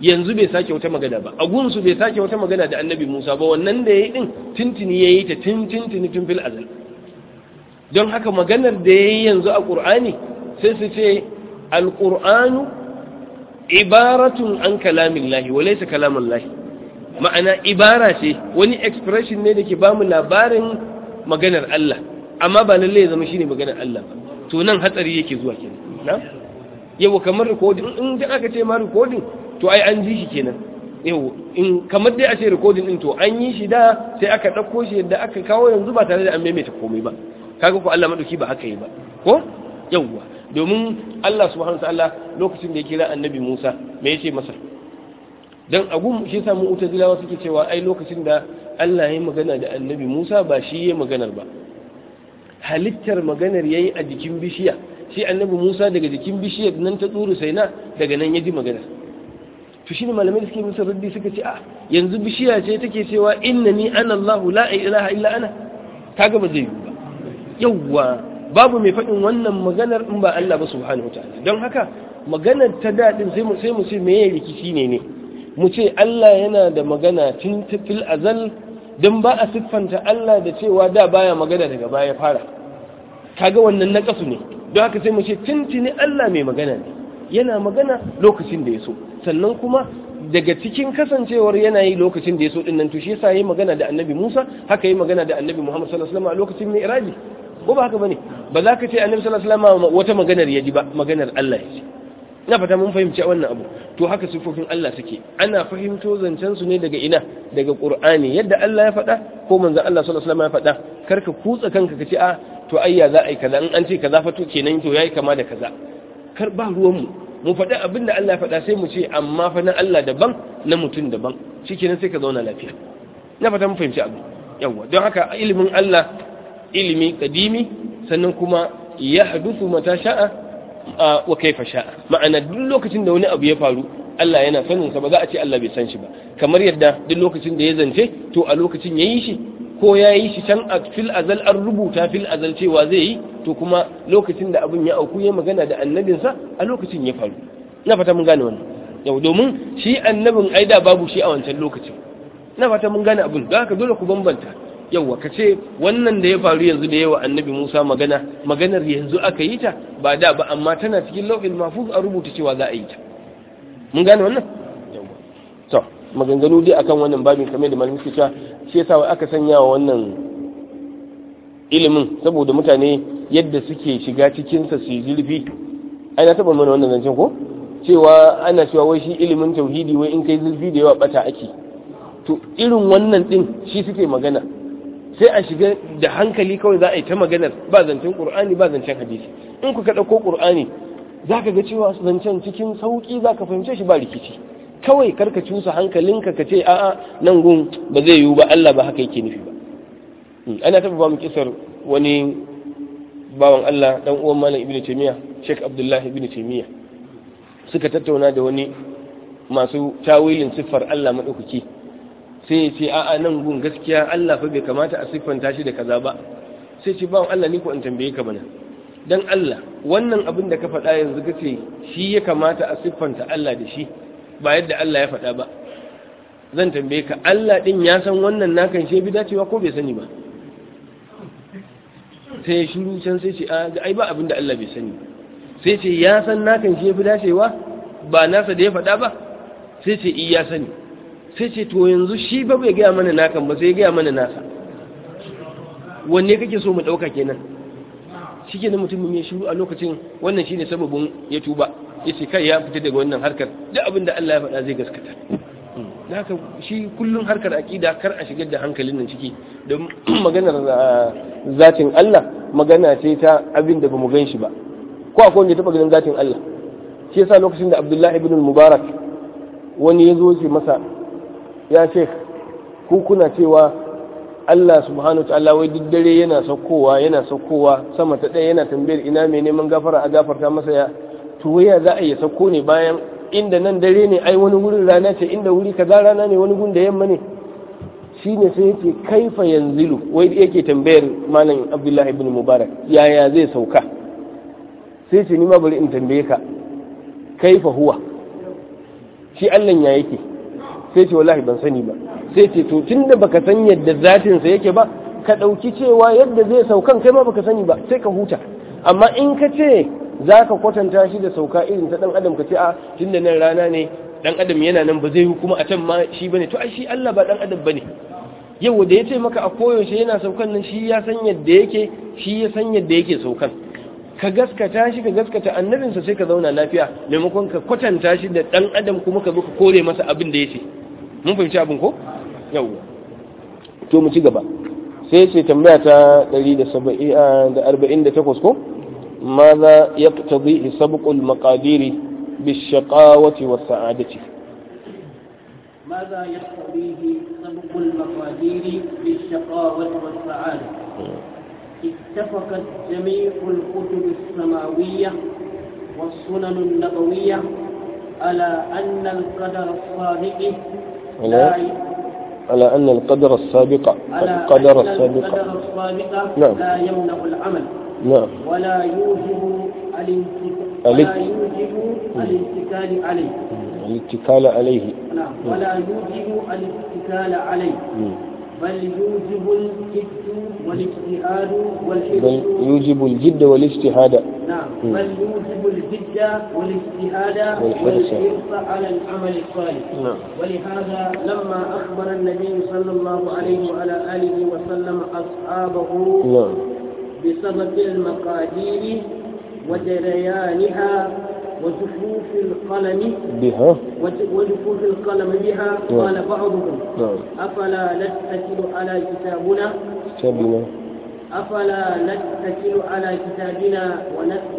yanzu bai sake wata magana ba a gunsu bai sake wata magana da annabi musa ba wannan da ya yi ɗin tintini ya yi ta tintini tun fil azal don haka maganar da ya yi yanzu a ƙur'ani sai su ce alƙur'anu ibaratun an kalamin lahi wa laisa kalamin lahi ma'ana ibara ce wani expression ne da ke bamu labarin maganar Allah amma ba lallai ya zama shine maganar Allah ba to nan hatsari yake zuwa kenan na Yau kamar recording in da aka ce ma recording to ai an ji shi kenan yau in kamar dai a ce recording din to an yi shi da sai aka ɗauko shi yadda aka kawo yanzu ba tare da an maimaita komai ba kaga ko Allah madauki ba haka yi ba ko yawwa domin Allah subhanahu wataala lokacin da ya kira annabi Musa me yace masa dan agum shi yasa mu utazilawa suke cewa ai lokacin da Allah ya magana da annabi Musa ba shi ya maganar ba halittar maganar yayi a jikin bishiya shi annabi Musa daga jikin bishiyar nan ta tsuru sai na daga nan ya ji maganar to shine malamai suke musu raddi suka ce a ah, yanzu bishiya ce take cewa innani ana Allahu la ilaha illa ana kaga ba zai yi ba yawwa babu mai faɗin wannan maganar in ba Allah ba subhanahu wataala don haka maganar ta daɗin sai mu sai mu ce rikici ne ne mu ce Allah yana da magana tun tafil azal don ba a siffanta Allah da cewa da baya magana daga baya fara kaga wannan na nakasu ne don haka sai mu ce tuntuni Allah mai magana ne yana magana lokacin da ya so sannan kuma daga cikin kasancewar yanayi lokacin da ya so dinnan to shi yasa yayi magana da annabi Musa haka yayi magana da annabi Muhammad sallallahu alaihi wasallam a lokacin Mi'raji ko ba haka bane ba za ka ce annabi sallallahu alaihi wasallam wata maganar ya ji ba maganar Allah ya ce ina fata mun fahimci wannan abu to haka sifofin Allah suke ana fahimto zancen su ne daga ina daga Qur'ani yadda Allah ya faɗa ko manzo Allah sallallahu alaihi wasallam ya faɗa karka kutsa kanka kace ah, a to ayya za ai kaza in an ce kaza fa to kenan to yayi kama da kaza kar ba ruwanmu mu faɗi abin da Allah faɗa sai mu ce amma fa na Allah daban na mutum daban shikenan sai ka zauna lafiya na fata mu fahimci abu yawa don haka ilimin Allah ilimi kadimi sannan kuma ya hadusu mata sha'a wa kaifa sha'a ma'ana duk lokacin da wani abu ya faru Allah yana sanin sa ba za a ce Allah bai san shi ba kamar yadda duk lokacin da ya zance to a lokacin ya yi shi ko ya yi shi can a fil azal an rubuta fil azal cewa zai yi to kuma lokacin da abin ya auku ya magana da annabinsa a lokacin ya faru na fata mun gane wannan yau domin shi annabin aida babu shi a wancan lokacin na fata mun gane abin da haka dole ku bambanta yauwa ka ce wannan da ya faru yanzu da yawa annabi musa magana maganar yanzu aka yi ta ba da ba amma tana cikin lauhin mafuz a rubuta cewa za a yi ta mun gane wannan maganganu dai akan wannan babin kamar da malamin suke shi yasa aka sanya wa wannan ilimin saboda mutane yadda suke shiga cikin sa su zurfi ai na taba mana wannan zancen ko cewa ana cewa wai shi ilimin tauhidi wai in kai zurfi da yawa bata ake to irin wannan din shi suke magana sai a shiga da hankali kawai za a yi ta maganar ba zancen qur'ani ba zancen hadisi in ku ka dauko qur'ani zaka ga cewa zancen cikin sauki zaka fahimce shi ba rikici kawai karka cusa hankalinka ka ce a'a nan gun ba zai yiwu ba Allah ba haka yake nufi ba hmm, ana taba ba kisar wani bawan Allah dan uwan malam ibnu taymiya sheikh abdullahi ibnu taymiya suka tattauna da wani masu tawilin siffar Allah madaukaki sai ya ce a'a nan gun gaskiya Allah fa bai kamata a siffanta shi da kaza ba sai ce bawan Allah ni ko an tambaye ka bana dan Allah wannan abin da ka faɗa yanzu kace shi ya kamata a siffanta Allah da shi ba yadda Allah ya faɗa ba zan tambaye ka Allah ɗin ya san wannan nakan shi bi dacewa ko bai sani ba sai ya shiru can sai ce ai ba abinda Allah bai sani sai ce ya san nakan shi bi dacewa ba nasa da ya faɗa ba sai ce i ya sani sai ce to yanzu shi ba bai gaya mana nakan ba sai ya gaya mana nasa wanne kake so mu ɗauka kenan shi kenan mutumin ya shiru a lokacin wannan shi ne sababin ya tuba yace kai ya fita daga wannan harkar duk abin da Allah ya faɗa zai gaskata haka shi kullun harkar aqida kar a shigar da hankalin nan ciki don maganar ah, zatin Allah magana ce ta abin da bamu gan shi ba ko akwai wanda ya taba ganin zatin Allah shi yasa lokacin da Abdullahi ibn Mubarak wani yazo zo masa ya ce ku kuna cewa Allah subhanahu ta'ala wai duk dare yana saukowa yana saukowa sama ta ɗaya yana tambayar ina mai neman gafara a gafarta masa ya to za a yi sako ne bayan inda nan dare ne ai wani wurin rana ce inda wuri kaza rana ne wani gun da yamma ne shi ne sai yake kaifa yanzilu wai yake tambayar malam abdullahi ibn mubarak yaya zai sauka sai ce ni ma bari in tambaye ka kaifa huwa shi Allah ya yake sai ce wallahi ban sani ba sai ce to tunda baka san yadda zatin sa yake ba ka dauki cewa yadda zai saukan kai ma baka sani ba sai ka huta amma in ka ce za ka kwatanta shi da sauka irin ta ɗan adam ka ce a tun da nan rana ne ɗan adam yana nan ba zai yi kuma a can ma shi ba ne to ai shi Allah ba ɗan adam ba ne yau da ya ce maka a koyaushe yana saukan nan shi ya san yadda yake shi ya san yadda yake saukan ka gaskata shi ka gaskata annabinsa sai ka zauna lafiya maimakon ka kwatanta shi da ɗan adam kuma ka zo ka kore masa abin da ya ce mun fahimci abin ko yau to mu ci gaba sai ce tambaya ta 148 eh, ko ماذا يقتضيه سبق المقادير بالشقاوة والسعادة ماذا يقتضيه سبق المقادير بالشقاوة والسعادة اتفقت جميع الكتب السماوية والسنن النبوية على أن القدر الصادق لا على أن القدر السابق على القدر السابق, القدر السابق نعم. لا يمنع العمل نعم ولا يوجب الاتكال عليه الاتكال عليه نعم ولا يوجب الاتكال عليه بل يوجب الجد والاجتهاد والحرص بل يوجب الجد والاجتهاد نعم بل يوجب الجد والاجتهاد والحرص على العمل الصالح نعم ولهذا لما أخبر النبي صلى الله عليه وعلى آله وسلم أصحابه نعم بسبب المقادير وجريانها وزفوف القلم بها وزفوف القلم بها نعم. قال بعضهم نعم. أفلا نتكل على كتابنا كتابنا أفلا نتكل على كتابنا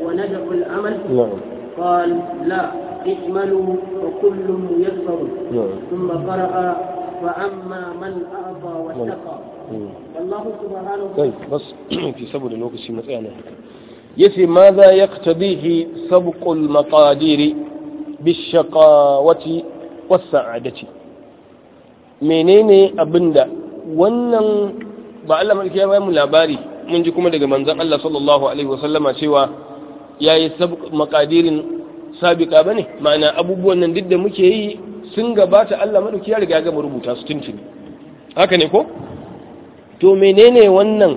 وندع العمل نعم قال لا اكملوا وكل يكفر نعم. ثم قرأ فأما من أعطى واتقى kai bas fi saboda lokaci matsaya nan yace ma za yaqtadihi sabqul maqadiri bishaqawati menene abinda wannan ba Allah mulki ya bayan mu labari mun ji kuma daga manzon Allah sallallahu alaihi wasallama cewa yayi sabq sabika sabiqa bane ma'ana abubuwan nan duk da muke yi sun gabata Allah madauki ya riga ya gama rubuta su tuntuni haka ne ko to menene wannan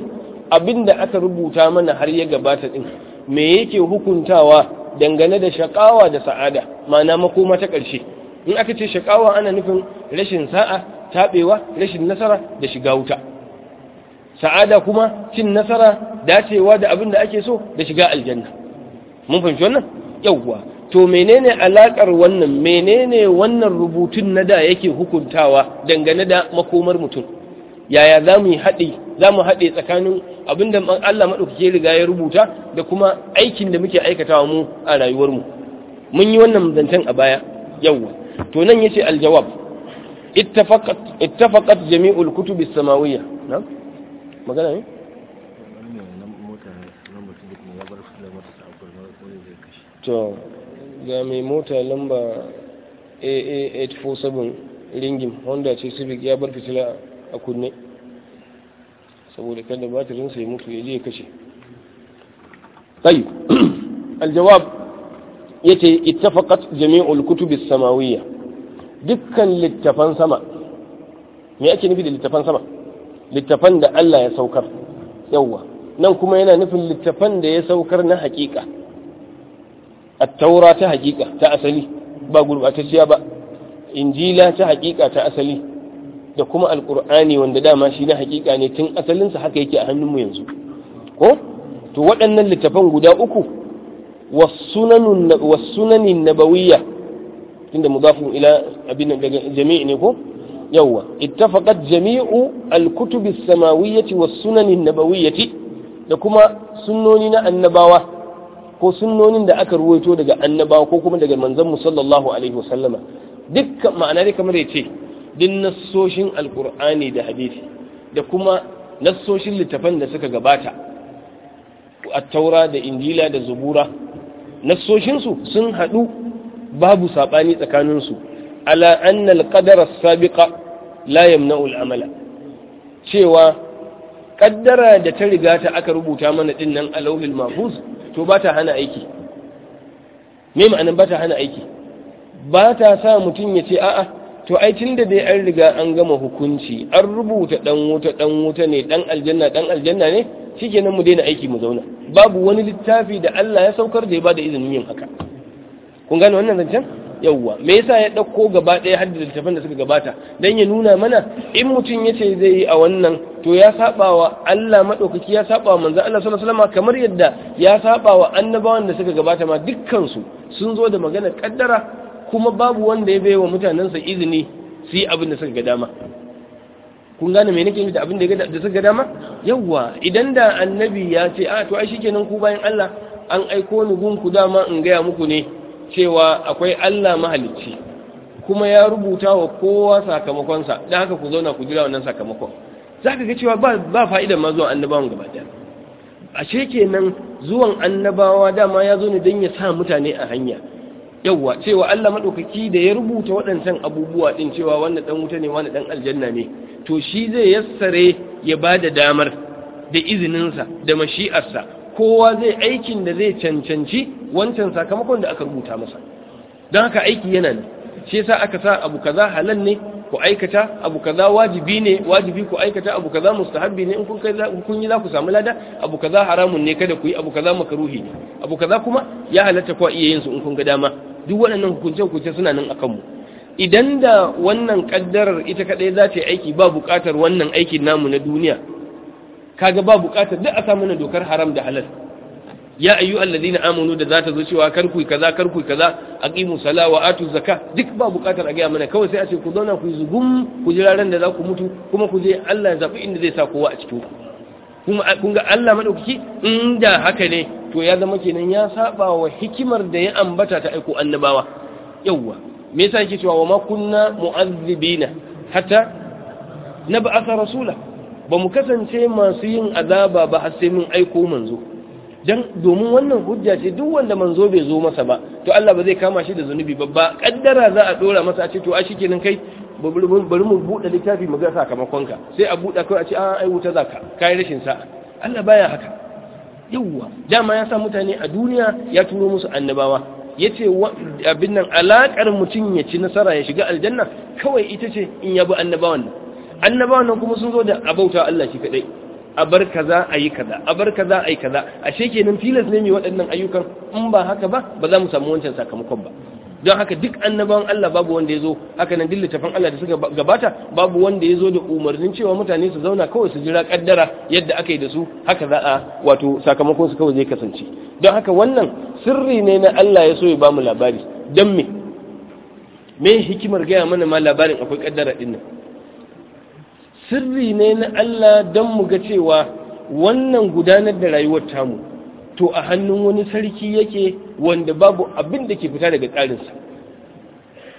abin da aka rubuta mana har ya gabata din me yake hukuntawa dangane da shakawa da sa'ada ma'ana makoma ta ƙarshe in aka ce shakawa ana nufin rashin sa'a tabewa rashin nasara da shiga wuta sa'ada kuma cin nasara dacewa da abin da ake so da shiga aljanna mun fahimci wannan yauwa to menene alakar wannan menene wannan rubutun na da yake hukuntawa dangane da makomar mutum yaya za mu haɗe za mu haɗe tsakanin abin da Allah maɗaukake riga ya rubuta da kuma aikin da muke aikatawa mu a rayuwarmu mun yi wannan zancen a baya yawwa to nan yace aljawab ittafaqat ittafaqat jami'ul kutubis samawiyya na magana ne to ga mai mota lamba AA847 ringin Honda ce Civic ya bar fitila a kunne saboda kada batirin sai mutu ya je ya kashe tsayi aljawab ya ce ittafaqat jami'ul kutubis samawiyya dukkan littafan sama me ake nufi da littafan sama littafan da Allah ya saukar yawwa nan kuma yana nufin littafan da ya saukar na hakika at-taura ta hakika ta asali ba gurbatacciya ba injila ta hakika ta asali da kuma alkur'ani wanda dama shi na hakika ne tun asalinsa haka yake a mu yanzu ko to waɗannan littafan guda uku wasunanin nabawiyya tunda mudafun ila abin daga jami'i ne ko yawwa ittafaqat jami'u as samawiyyati sunanin nabawiyyati da kuma sunnoni na annabawa ko sunnonin da aka ruwaito daga annabawa ko kuma daga manzon mu sallallahu alaihi wasallama dukkan ma'ana dai kamar yace din nasoshin alkur'ani da hadisi da kuma nasoshin littafan da suka gabata a taura da injila da zubura nassoshinsu sun haɗu babu saɓani tsakaninsu ala annal qadara sabiqa la yamna'u amala cewa ƙaddara da ta riga ta aka rubuta mana din nan a lauhil mahfuz to ba ta hana aiki me ma'anin ba ta hana aiki ba ta sa mutum ya ce a'a to ai da dai an riga an gama hukunci an rubuta dan wuta dan wuta ne dan aljanna dan aljanna ne shikenan mu daina aiki mu zauna babu wani littafi da Allah ya saukar da ya bada izinin yin haka kun gane wannan zancen yawwa me yasa ya dauko gaba ɗaya hadda littafan da suka gabata dan ya nuna mana in mutum yace zai yi a wannan to ya sabawa Allah madaukaki ya sabawa manzo Allah sallallahu alaihi wasallam kamar yadda ya sabawa annabawan da suka gabata ma dukkan su sun zo da magana kaddara kuma babu wanda ya bai wa mutanensa izini su yi abin da suka ga dama kun gane mai nake da abin da suka ga dama yawwa idan da annabi ya ce a ah, to ai shi kenan ku bayan Allah an aiko ni gunku, dama in gaya muku ne cewa akwai Allah mahalicci kuma ya rubuta wa kowa sakamakonsa don haka ku zauna ku jira wannan sakamakon za ka ga cewa ba fa'ida ma zuwan annabawan gaba ɗaya ashe kenan zuwan annabawa dama ya zo ne don ya sa mutane a hanya yawwa cewa Allah madaukaki da ya rubuta waɗancan abubuwa din cewa wannan dan wuta ne wannan dan aljanna ne to shi zai yassare ya bada damar da izininsa da mashi'arsa kowa zai aikin da zai cancanci wancan sakamakon da aka rubuta masa don haka aiki yana ne shi yasa aka sa abu kaza halal ne ku aikata abu kaza wajibi ne wajibi ku aikata abu kaza mustahabbi ne in kun kai kun yi za ku samu lada abu kaza haramun ne kada ku yi abu kaza makruhi ne abu kaza kuma ya halatta ku iya yin su in kun ga dama duk waɗannan hukunce-hukunce suna nan a kanmu. idan da wannan ƙaddarar ita kaɗai za ta yi aiki ba buƙatar wannan aikin namu na duniya kaga ba buƙatar duk a samu na dokar haram da halal ya ayyu na amanu da za ta zo cewa kar kaza kar kaza a sala wa atu zaka duk ba buƙatar a gaya mana kawai sai a ce ku zauna ku zugun ku jira ran da za ku mutu kuma ku je Allah ya zaɓi inda zai sa kowa a cikin ku kuma kun ga Allah maɗaukaki, inda haka ne to ya zama kenan ya saba wa hikimar da ya ambata ta aiko annabawa yawwa me yasa yake cewa wa ma kunna mu'azzibina hatta nab'atha rasula ba mu kasance masu yin azaba ba har sai mun aiko manzo dan domin wannan hujja ce duk wanda manzo bai zo masa ba to Allah ba zai kama shi da zunubi babba. Ƙaddara kaddara za a dora masa a ce to a shikenan kai bari mu buɗe littafi mu ga sakamakonka sai a buɗe kai a ce a ah, ai wuta zaka kai rashin sa'a Allah baya haka yawwa dama ya sa mutane a duniya ya turo musu annabawa ya ce abin nan alaƙar mutum ya ci nasara ya shiga aljanna kawai ita ce in ya bi annabawan nan annabawan nan kuma sun zo da abauta Allah shi kaɗai a bar kaza a yi kaza a bar kaza a yi kaza ashe kenan tilas ne mai waɗannan ayyukan in ba haka ba ba za mu samu wancan sakamakon ba don haka duk annabawan Allah babu wanda ya zo haka nan tafan Allah da suka gabata babu wanda ya zo da umarnin cewa mutane su zauna kawai su jira kaddara yadda aka yi da su haka za a wato sakamakon su kawai zai kasance don haka wannan sirri ne na Allah ya so ya bamu labari don me me hikimar gaya mana ma labarin akwai kaddara din sirri ne na Allah don mu ga cewa wannan gudanar da rayuwar tamu to a hannun wani sarki yake wanda babu abin da ke fita daga tsarinsa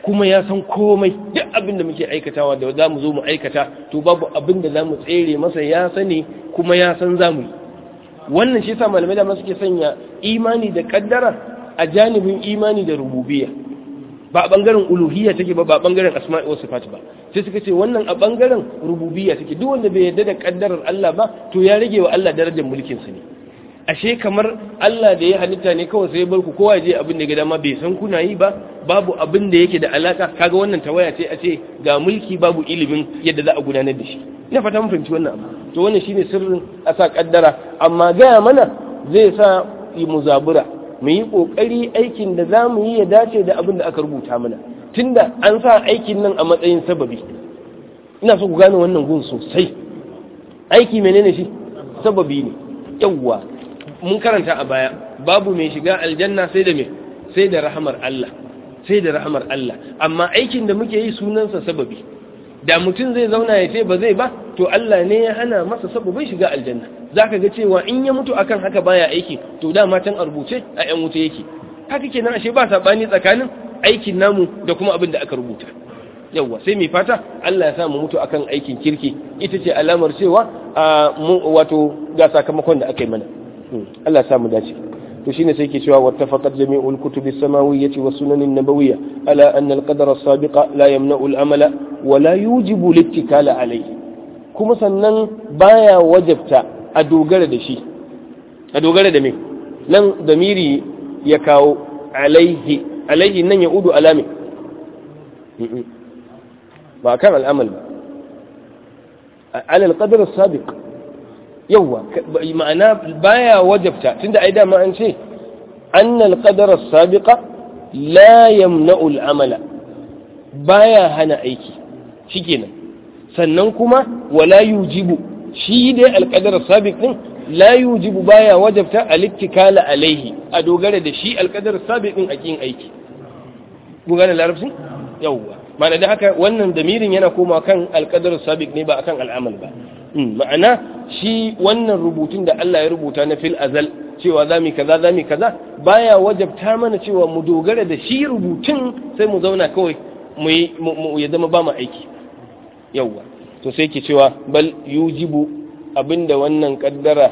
kuma ya san komai duk abin da muke aikatawa da za mu zo mu aikata to babu abin da za mu tsere masa ya sani kuma ya san za mu wannan shi sa malamai da suke sanya imani da kaddara a janibin imani da rububiya. ba a bangaren uluhiyya take ba ba a bangaren asma'i wasu fati ba sai suka ce wannan a bangaren rububiyya take duk wanda bai yarda da kaddarar Allah ba to ya rage wa Allah darajar mulkin sa ne ashe kamar Allah da ya halitta ne kawai sai barku kowa je abin da ga dama bai san kuna yi ba babu abin da yake da alaka kaga wannan tawaya ce a ce ga mulki babu ilimin yadda za a gudanar da shi ina fata mun fahimci wannan abu to wannan shine sirrin a sa kaddara amma gaya mana zai sa mu zabura mu yi kokari aikin da za mu yi ya dace da abin da aka rubuta mana tunda an sa aikin nan a matsayin sababi ina so ku gane wannan gun sosai aiki menene shi sababi ne yawwa mun karanta a baya babu mai shiga aljanna sai da mai sai da rahamar Allah sai da rahamar Allah amma aikin da muke yi sunansa sababi da mutum zai zauna ya ce ba zai ba to Allah ne ya hana masa sababin shiga aljanna zaka ga cewa in ya mutu akan haka baya aiki to da matan a rubuce a yan wuta yake haka kenan ashe ba sabani tsakanin aikin namu da kuma abin da aka rubuta yawwa sai mai fata Allah ya sa mu mutu akan aikin kirki ita ce alamar cewa wato ga sakamakon da aka yi mana Hmm. Allah ya samu dace to shine sai ke cewa wattafaqat jami'ul kutubi samawiyyati wa sunanin nabawiyya ala anna al-qadara as-sabiqa la yamna'u al-amala wa la yujibu al-ittikala alayhi kuma sannan baya wajabta a dogara da shi a dogara da me nan damiri ya kawo Alayhi. Alayhi nan ya udu alami ba kan al'amal ba alal qadar as-sabiq yawwa ma'ana baya wajabta tunda ai dama an ce annal qadara sabiqa la yamna'u al'amala baya hana aiki shikenan sannan kuma wala yujibu shi dai alqadara sabiq din la yujibu baya wajabta al-ittikala alayhi a dogara da shi alqadara sabiq din a kin aiki gugana larabci yawwa ma'ana da haka wannan damirin yana koma kan alqadara sabiq ne ba akan al'amal ba hmm, ma'ana shi wannan rubutun da Allah ya rubuta na fil azal cewa za mu kaza za mu kaza baya wajabta mana cewa mu dogara da shi rubutun sai mu zauna kawai mu ya zama ba mu aiki yawwa to sai ke cewa bal yujibu abinda wannan kaddara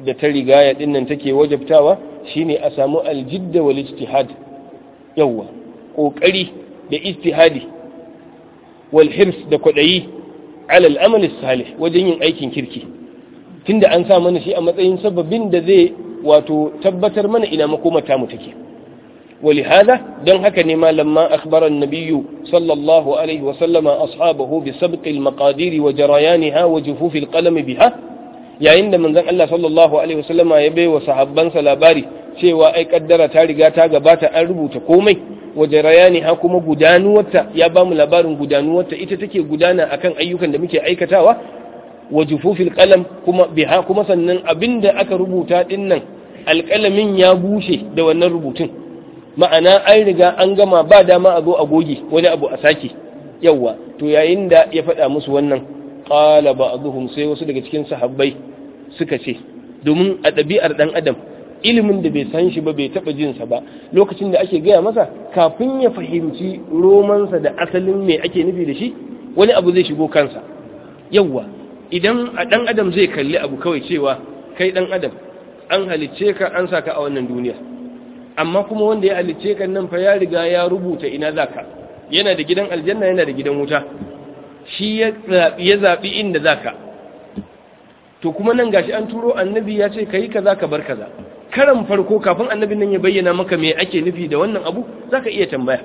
da ta rigaya dinnan take wajabtawa shine a samu aljidda wal ijtihad yawwa kokari da ijtihadi wal hirs da kwadayi alal amal salih wajen yin aikin kirki tunda an sa mana shi a matsayin sababin da zai wato tabbatar mana ina makomata mu take wali hada don haka ne malamman akhbaran nabiyu sallallahu alaihi wa sallama ashabahu bi sabqil maqadiri wa jarayaniha wa jufufil qalam biha yayin da manzon Allah sallallahu alaihi wa sallama ya bai wa sahabban labari cewa ai kaddara ta riga ta gabata an rubuta komai Waje raya ha kuma gudanuwarta ya ba mu labarin gudanuwarta ita take gudana akan ayyukan da muke aikatawa waje jufufil qalam kuma biha kuma sannan abinda aka rubuta dinnan alƙalamin ya bushe da wannan rubutun ma'ana an riga an gama ba dama a zo a goge wani abu a sake yawa to yayin da ya faɗa musu wannan qala ba'dhum sai wasu daga cikin sahabbai suka ce domin a ɗabi'ar ɗan adam ilimin da bai san shi ba bai taba jinsa ba lokacin da ake gaya masa kafin ya fahimci romansa da asalin me ake nufi da shi wani abu zai shigo kansa yawwa idan a dan adam zai kalli abu kawai cewa kai dan adam an halicce ka an saka a wannan duniya amma kuma wanda ya halicce ka nan fa ya riga ya rubuta ina zaka yana da gidan aljanna yana da gidan wuta shi ya zaɓi inda zaka to kuma nan gashi an turo annabi ya ce kai kaza ka bar kaza karan farko kafin annabin nan ya bayyana maka me ake nufi da wannan abu zaka iya tambaya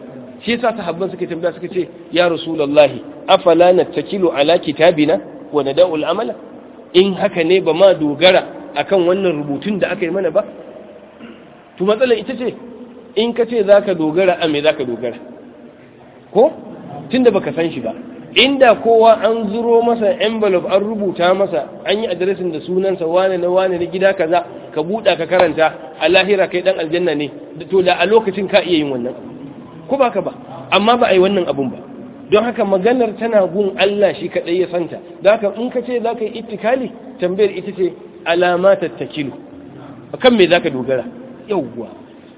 shi yasa sahabban suka tambaya suka ce ya rasulullahi afala nattakilu ala kitabina wa nada'ul amala in haka ne ba ma dogara akan wannan rubutun da aka yi mana ba to matsalar ita ce in ka ce zaka dogara a me zaka dogara ko tunda baka san shi ba inda kowa an zuro masa envelope an rubuta masa an yi adiresin da sunansa wane na wane na gida kaza ka buɗa ka karanta a lahira kai ɗan aljanna ne to da a lokacin ka iya yin wannan ko ba ka ba amma ba a yi wannan abun ba don haka maganar tana gun Allah shi kaɗai ya santa da haka in ka ce za ka yi itikali tambayar ita ce alama tattakilu Kan me za ka dogara yauwa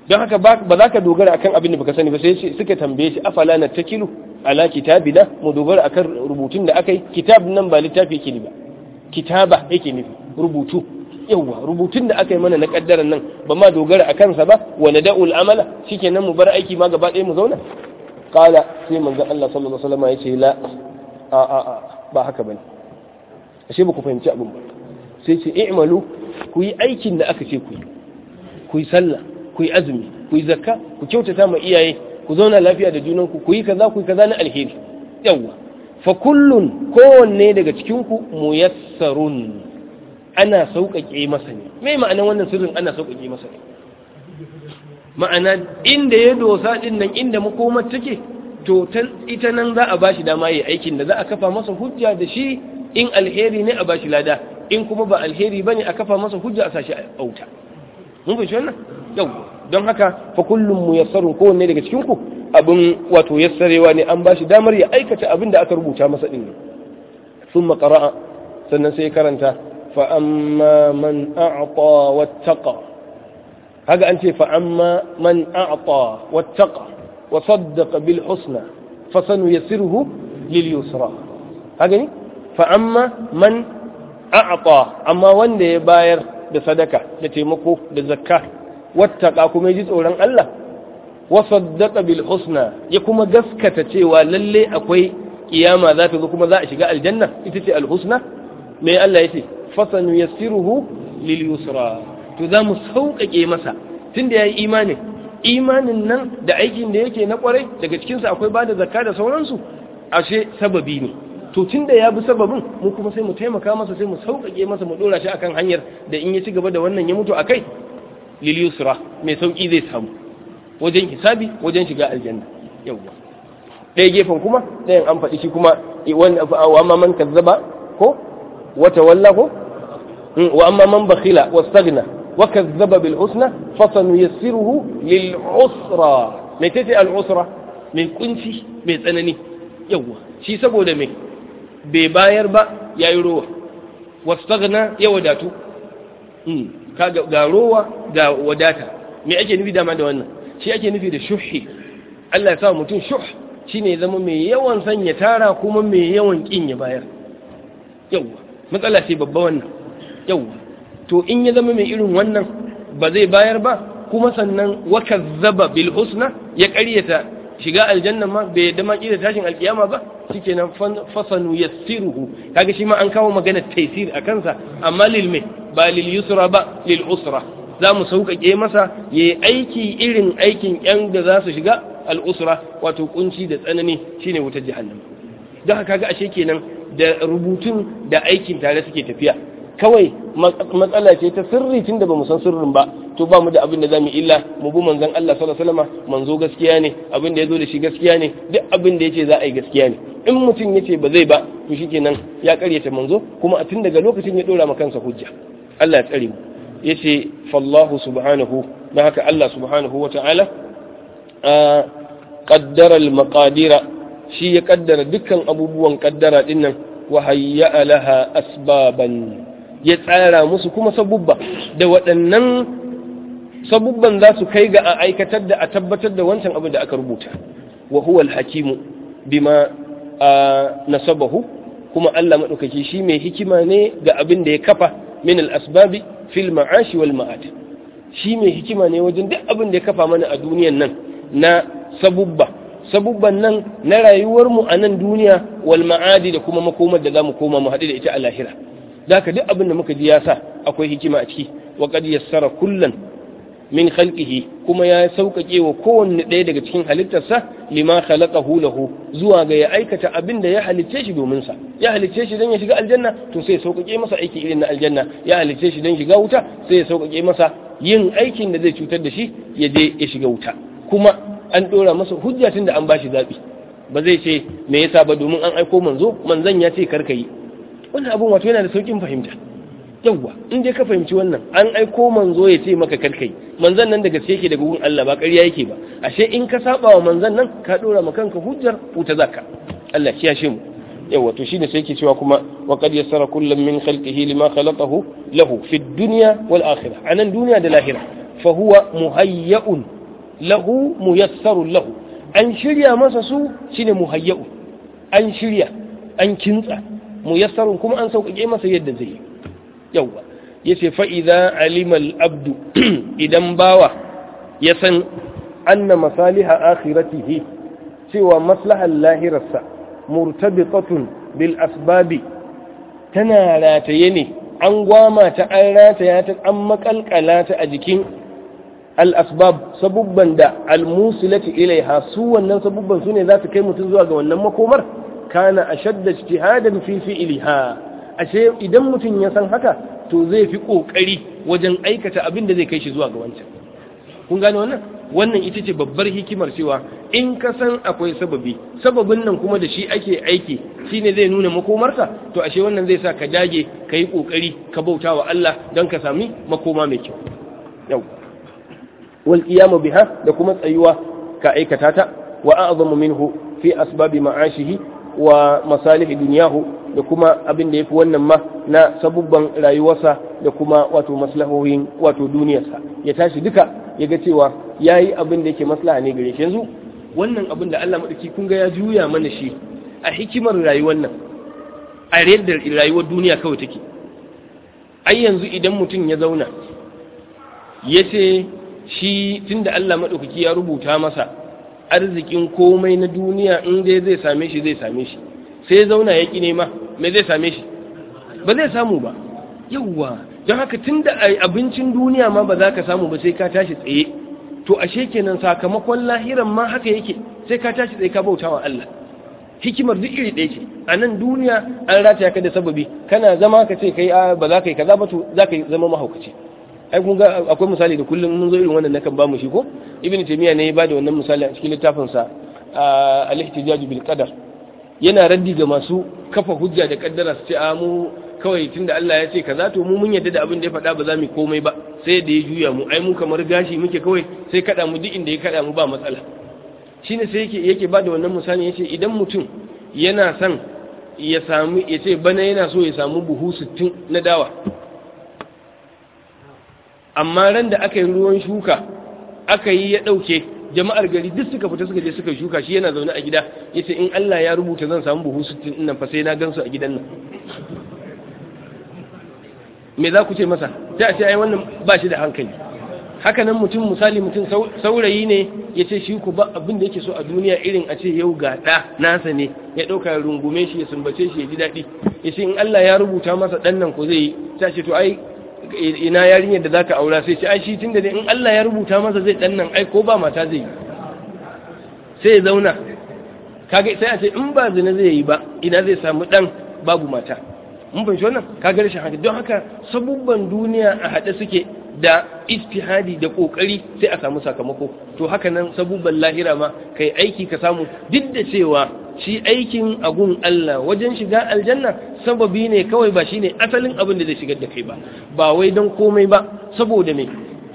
don haka ba za ka dogara akan abin da baka sani ba sai suka tambaye shi afala na takilu ala na mu dogara akan rubutun da aka yi kitab nan ba littafi yake ne ba kitaba yake nufi rubutu yawwa rubutun da aka yi mana na kaddaran nan ba ma dogara a kansa ba wa nada'ul amala shikenan mu bar aiki ma gaba ɗaya mu zauna qala sai manzo Allah sallallahu alaihi wasallam ya ce la a a a ba haka bane ashe ba ku fahimci abin ba sai ce i'malu ku yi aikin da aka ce ku yi ku yi sallah ku yi azumi ku yi zakka ku kyautata ma iyaye ku zauna lafiya da junanku ku yi kaza ku yi kaza na alheri yawa fa kullun kowanne daga cikin ku muyassarun ana sauƙaƙe masa ne me ma'anar wannan sirrin ana sauƙaƙe masa ne ma'ana inda ya dosa din nan inda makomar take to ita nan za a bashi dama yayi aikin da za a kafa masa hujja da shi in alheri ne a bashi lada in kuma ba alheri bane a kafa masa hujja a sashi auta mun fahimci wannan yawa don haka fa kullum ko kowanne daga cikin ku abin wato yassarewa ne an bashi damar ya aikata abin da aka rubuta masa din sun makara'a sannan sai karanta fa amma man a'ta wattaqa haka an ce fa amma man a'ta wattaqa wa saddaqa bil husna fa sanuyassiruhu lil yusra haka ne fa amma man a'ta amma wanda ya bayar da sadaka da taimako da zakka wattaka kuma ji tsoron Allah wa saddaqa bil husna ya kuma gaskata cewa lalle akwai kiyama za ta zo kuma za a shiga aljanna ita ce alhusna me Allah yace fasanu yassiruhu lil yusra to za mu sauƙaƙe masa tunda yayi imani imanin nan da aikin da yake na kwarai daga cikin sa akwai bada zakka da sauransu ashe sababi ne to tunda ya bi sababin mu kuma sai mu taimaka masa sai mu sauƙaƙe masa mu dora shi akan hanyar da in ya ci gaba da wannan ya mutu akai lil mai sauƙi zai samu wajen hisabi wajen shiga aljanna yawwa ɗaya gefen kuma ɗayan an faɗi shi kuma eh, wa amma man kazzaba ko wata walla ko hmm, wa amma man bakhila wastaghna wa kazzaba bil husna fa sanuyassiruhu lil usra mai tace al usra mai kunci mai tsanani yawwa shi saboda mai bai bayar ba yayi rowa wastaghna ya wadatu hmm. kaga ga rowa ga wadata me ake nufi dama da wannan shi ake nufi da shuhi Allah ya sa mutum shuh shine ya zama mai yawan sanya tara kuma mai yawan kin ya bayar yawa matsala ce babba wannan yawa to in ya zama mai irin wannan ba zai bayar ba kuma sannan wakazzaba bil husna ya ƙaryata shiga aljannan ma bai yadda ma da tashin alkiyama ba nan fasanu ya siruhu kaga shi ma an kawo magana taisir a kansa amma lil me ba lil ba lil usra za mu sauƙaƙe masa ya yi aiki irin aikin yan da za su shiga al'usra wato kunci da tsanani shine wutar jihannan don haka ga ashe kenan da rubutun da aikin tare suke tafiya kawai matsala ce ta sirri da ba mu san sirrin ba to ba mu da abin da zamu illa mu bu manzon Allah sallallahu alaihi wasallam manzo gaskiya ne abin da yazo da shi gaskiya ne duk abin da yace za a yi gaskiya ne in mutum yace ba zai ba to shikenan ya karyata manzo kuma a tun daga lokacin ya dora ma kansa hujja Allah ya tsare mu yace fallahu subhanahu na haka Allah subhanahu wata'ala a qaddara al-maqadira shi ya kaddara dukkan abubuwan kaddara dinnan wa hayya laha asbaban ya tsara musu kuma sabubba da waɗannan sabubban za su kai ga a aikatar da a tabbatar da wancan abin da aka rubuta wa huwa alhakimu bima nasabahu kuma Allah madaukaki shi mai hikima ne ga abin da ya kafa min al-asbabi fil ma'ashi wal ma'at shi mai hikima ne wajen duk abin da ya kafa mana a duniyan nan na sabubba sabubban nan na rayuwar mu a nan duniya wal ma'adi da kuma makomar da zamu koma mu haɗu da ita a lahira da ka duk abin da muka ji ya sa akwai hikima a ciki wa kad yassara kullan min khalqihi kuma ya sauƙaƙe wa kowanne ɗaya daga cikin halittarsa lima khalaqahu lahu zuwa ga ya aikata abin da ya halicce shi domin sa ya halicce shi don ya shiga aljanna to sai ya sauƙaƙe masa aiki irin na aljanna ya halicce shi don shiga wuta sai ya sauƙaƙe masa yin aikin da zai cutar da shi ya je ya shiga wuta kuma an ɗora masa hujja tunda da an bashi zaɓi ba zai ce me yasa ba domin an aiko manzo manzon ya ce karkai yi wannan abin wato yana da saukin fahimta yawwa in dai ka fahimci wannan an aiko manzo ya ce maka karkai manzan nan daga yake daga gun Allah ba ƙarya yake ba ashe in ka saba wa manzan nan ka dora ma kanka hujjar wuta zaka Allah shi ya shi mu yawwa to shine sai yake cewa kuma wa qad yassara kullum min khalqihi lima khalaqahu lahu fi dunya wal akhirah anan duniya da lahira fa huwa muhayya'un lahu muyassarun lahu an shirya masa su shine muhayya'un an shirya an kintsa muyassarun kuma an sauƙaƙe masa yadda zai yawa yace fa alimal abdu idan bawa ya san anna masaliha akhiratihi cewa maslahar lahirarsa murtabitatun bil asbabi tana rataye ne an gwama ta an rataya ta an makalkala ta a jikin al'asbab sabubban da almusilati ilaiha su wannan sabubban su ne za su kai mutum zuwa ga wannan makomar kana ashadda ijtihadan fi fi'liha ashe idan mutum ya san haka to zai fi kokari wajen aikata abin da zai kai shi zuwa ga wancan kun gane wannan wannan ita ce babbar hikimar cewa in ka san akwai sababi sababin nan kuma da shi ake aiki shi ne zai nuna makomarsa to ashe wannan zai sa ka dage ka yi kokari ka bauta wa Allah don ka sami makoma mai kyau yau wal qiyamu biha da kuma tsayuwa ka aikata ta wa a'zamu minhu fi asbabi ma'ashihi wa masalihi duniyahu da kuma abin da ya fi wannan ma na sabubban rayuwarsa da kuma wato maslahohin wato duniyarsa ya tashi duka ya ga cewa ya yi abin da yake maslaha ne gare shi yanzu wannan abin da Allah maɗauki kun ga ya juya mana shi a hikimar rayuwar nan a yadda rayuwar duniya kawai take ai yanzu idan mutum ya zauna ya ce shi tunda Allah maɗaukaki ya rubuta masa arzikin komai na duniya in dai zai same shi zai same shi sai zauna ya ƙi nema me zai same shi ba zai samu ba yauwa don haka tun da abincin duniya ma ba za ka samu ba sai ka tashi tsaye to ashe kenan sakamakon lahiran ma haka yake sai ka tashi tsaye ka bauta wa Allah hikimar duk iri ɗaya ce a nan duniya an rataya ka da sababi kana zama ka ce kai ba za ka yi kaza ba to za ka zama mahaukaci ai kun ga akwai misali da kullum mun zo irin wannan nakan ba mu shi ko ibnu taymiya ne ya bada wannan misali a cikin littafin sa al-ihtijaj bil qadar yana raddi ga masu kafa hujja da kaddara su ce a mu kawai tunda Allah ya ce kaza to mu mun yadda da abin da ya faɗa ba za mu komai ba sai da ya juya mu ai mu kamar gashi muke kawai sai kada mu duk inda ya kada mu ba matsala shine sai yake yake bada wannan misali yace idan mutum yana son ya samu yace bana yana so ya samu buhu 60 na dawa amma ran da aka yi ruwan shuka aka yi ya ɗauke jama'ar gari duk suka fita suka je suka shuka shi yana zaune a gida ya ce in Allah ya rubuta zan samu buhu sittin ɗin fa sai na gansu a gidan nan me za ku ce masa ta ce ai wannan ba shi da hankali haka nan mutum misali mutum saurayi ne ya ce shi ku ba abin da yake so a duniya irin a ce yau ga ɗa nasa ne ya ɗauka rungume shi ya sumbace shi ya ji daɗi ya ce in Allah ya rubuta masa ɗan nan ko zai yi ta ce to ai ina yarinyar da zaka aura sai ce ai shi tunda ne in Allah ya rubuta masa zai dan nan ai ko ba mata zai yi sai ya zauna kage sai a ce in ba zina zai yi ba ina zai samu dan babu mata mun shi wannan kaga shi hadi don haka sabubban duniya a haɗe suke da istihadi da kokari sai a samu sakamako to haka nan sabubban lahira ma kai aiki ka samu duk da cewa shi aikin agun Allah wajen shiga aljanna sababi ne kawai ba shine asalin abin da zai shigar da kai ba ba wai don komai ba saboda me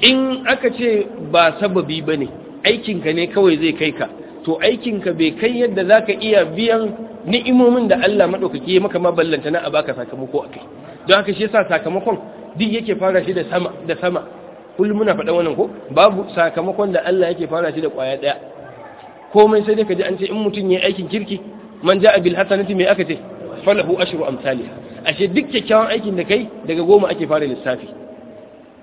in aka ce ba sababi bane aikinka ne kawai zai kai ka to aikinka bai kai yadda za ka iya biyan ni'imomin da Allah madaukake maka ma ballanta na a baka sakamako akai don haka shi yasa sakamakon duk yake fara shi da sama da sama kullum muna faɗa wannan ko babu sakamakon da Allah yake fara shi da ƙwaya ɗaya komai sai dai ka ji an ce in mutum ya aikin kirki man ja'a bil hasanati me aka ce falahu ashru amsalih ashe duk kyakkyawan aikin da kai daga goma ake fara lissafi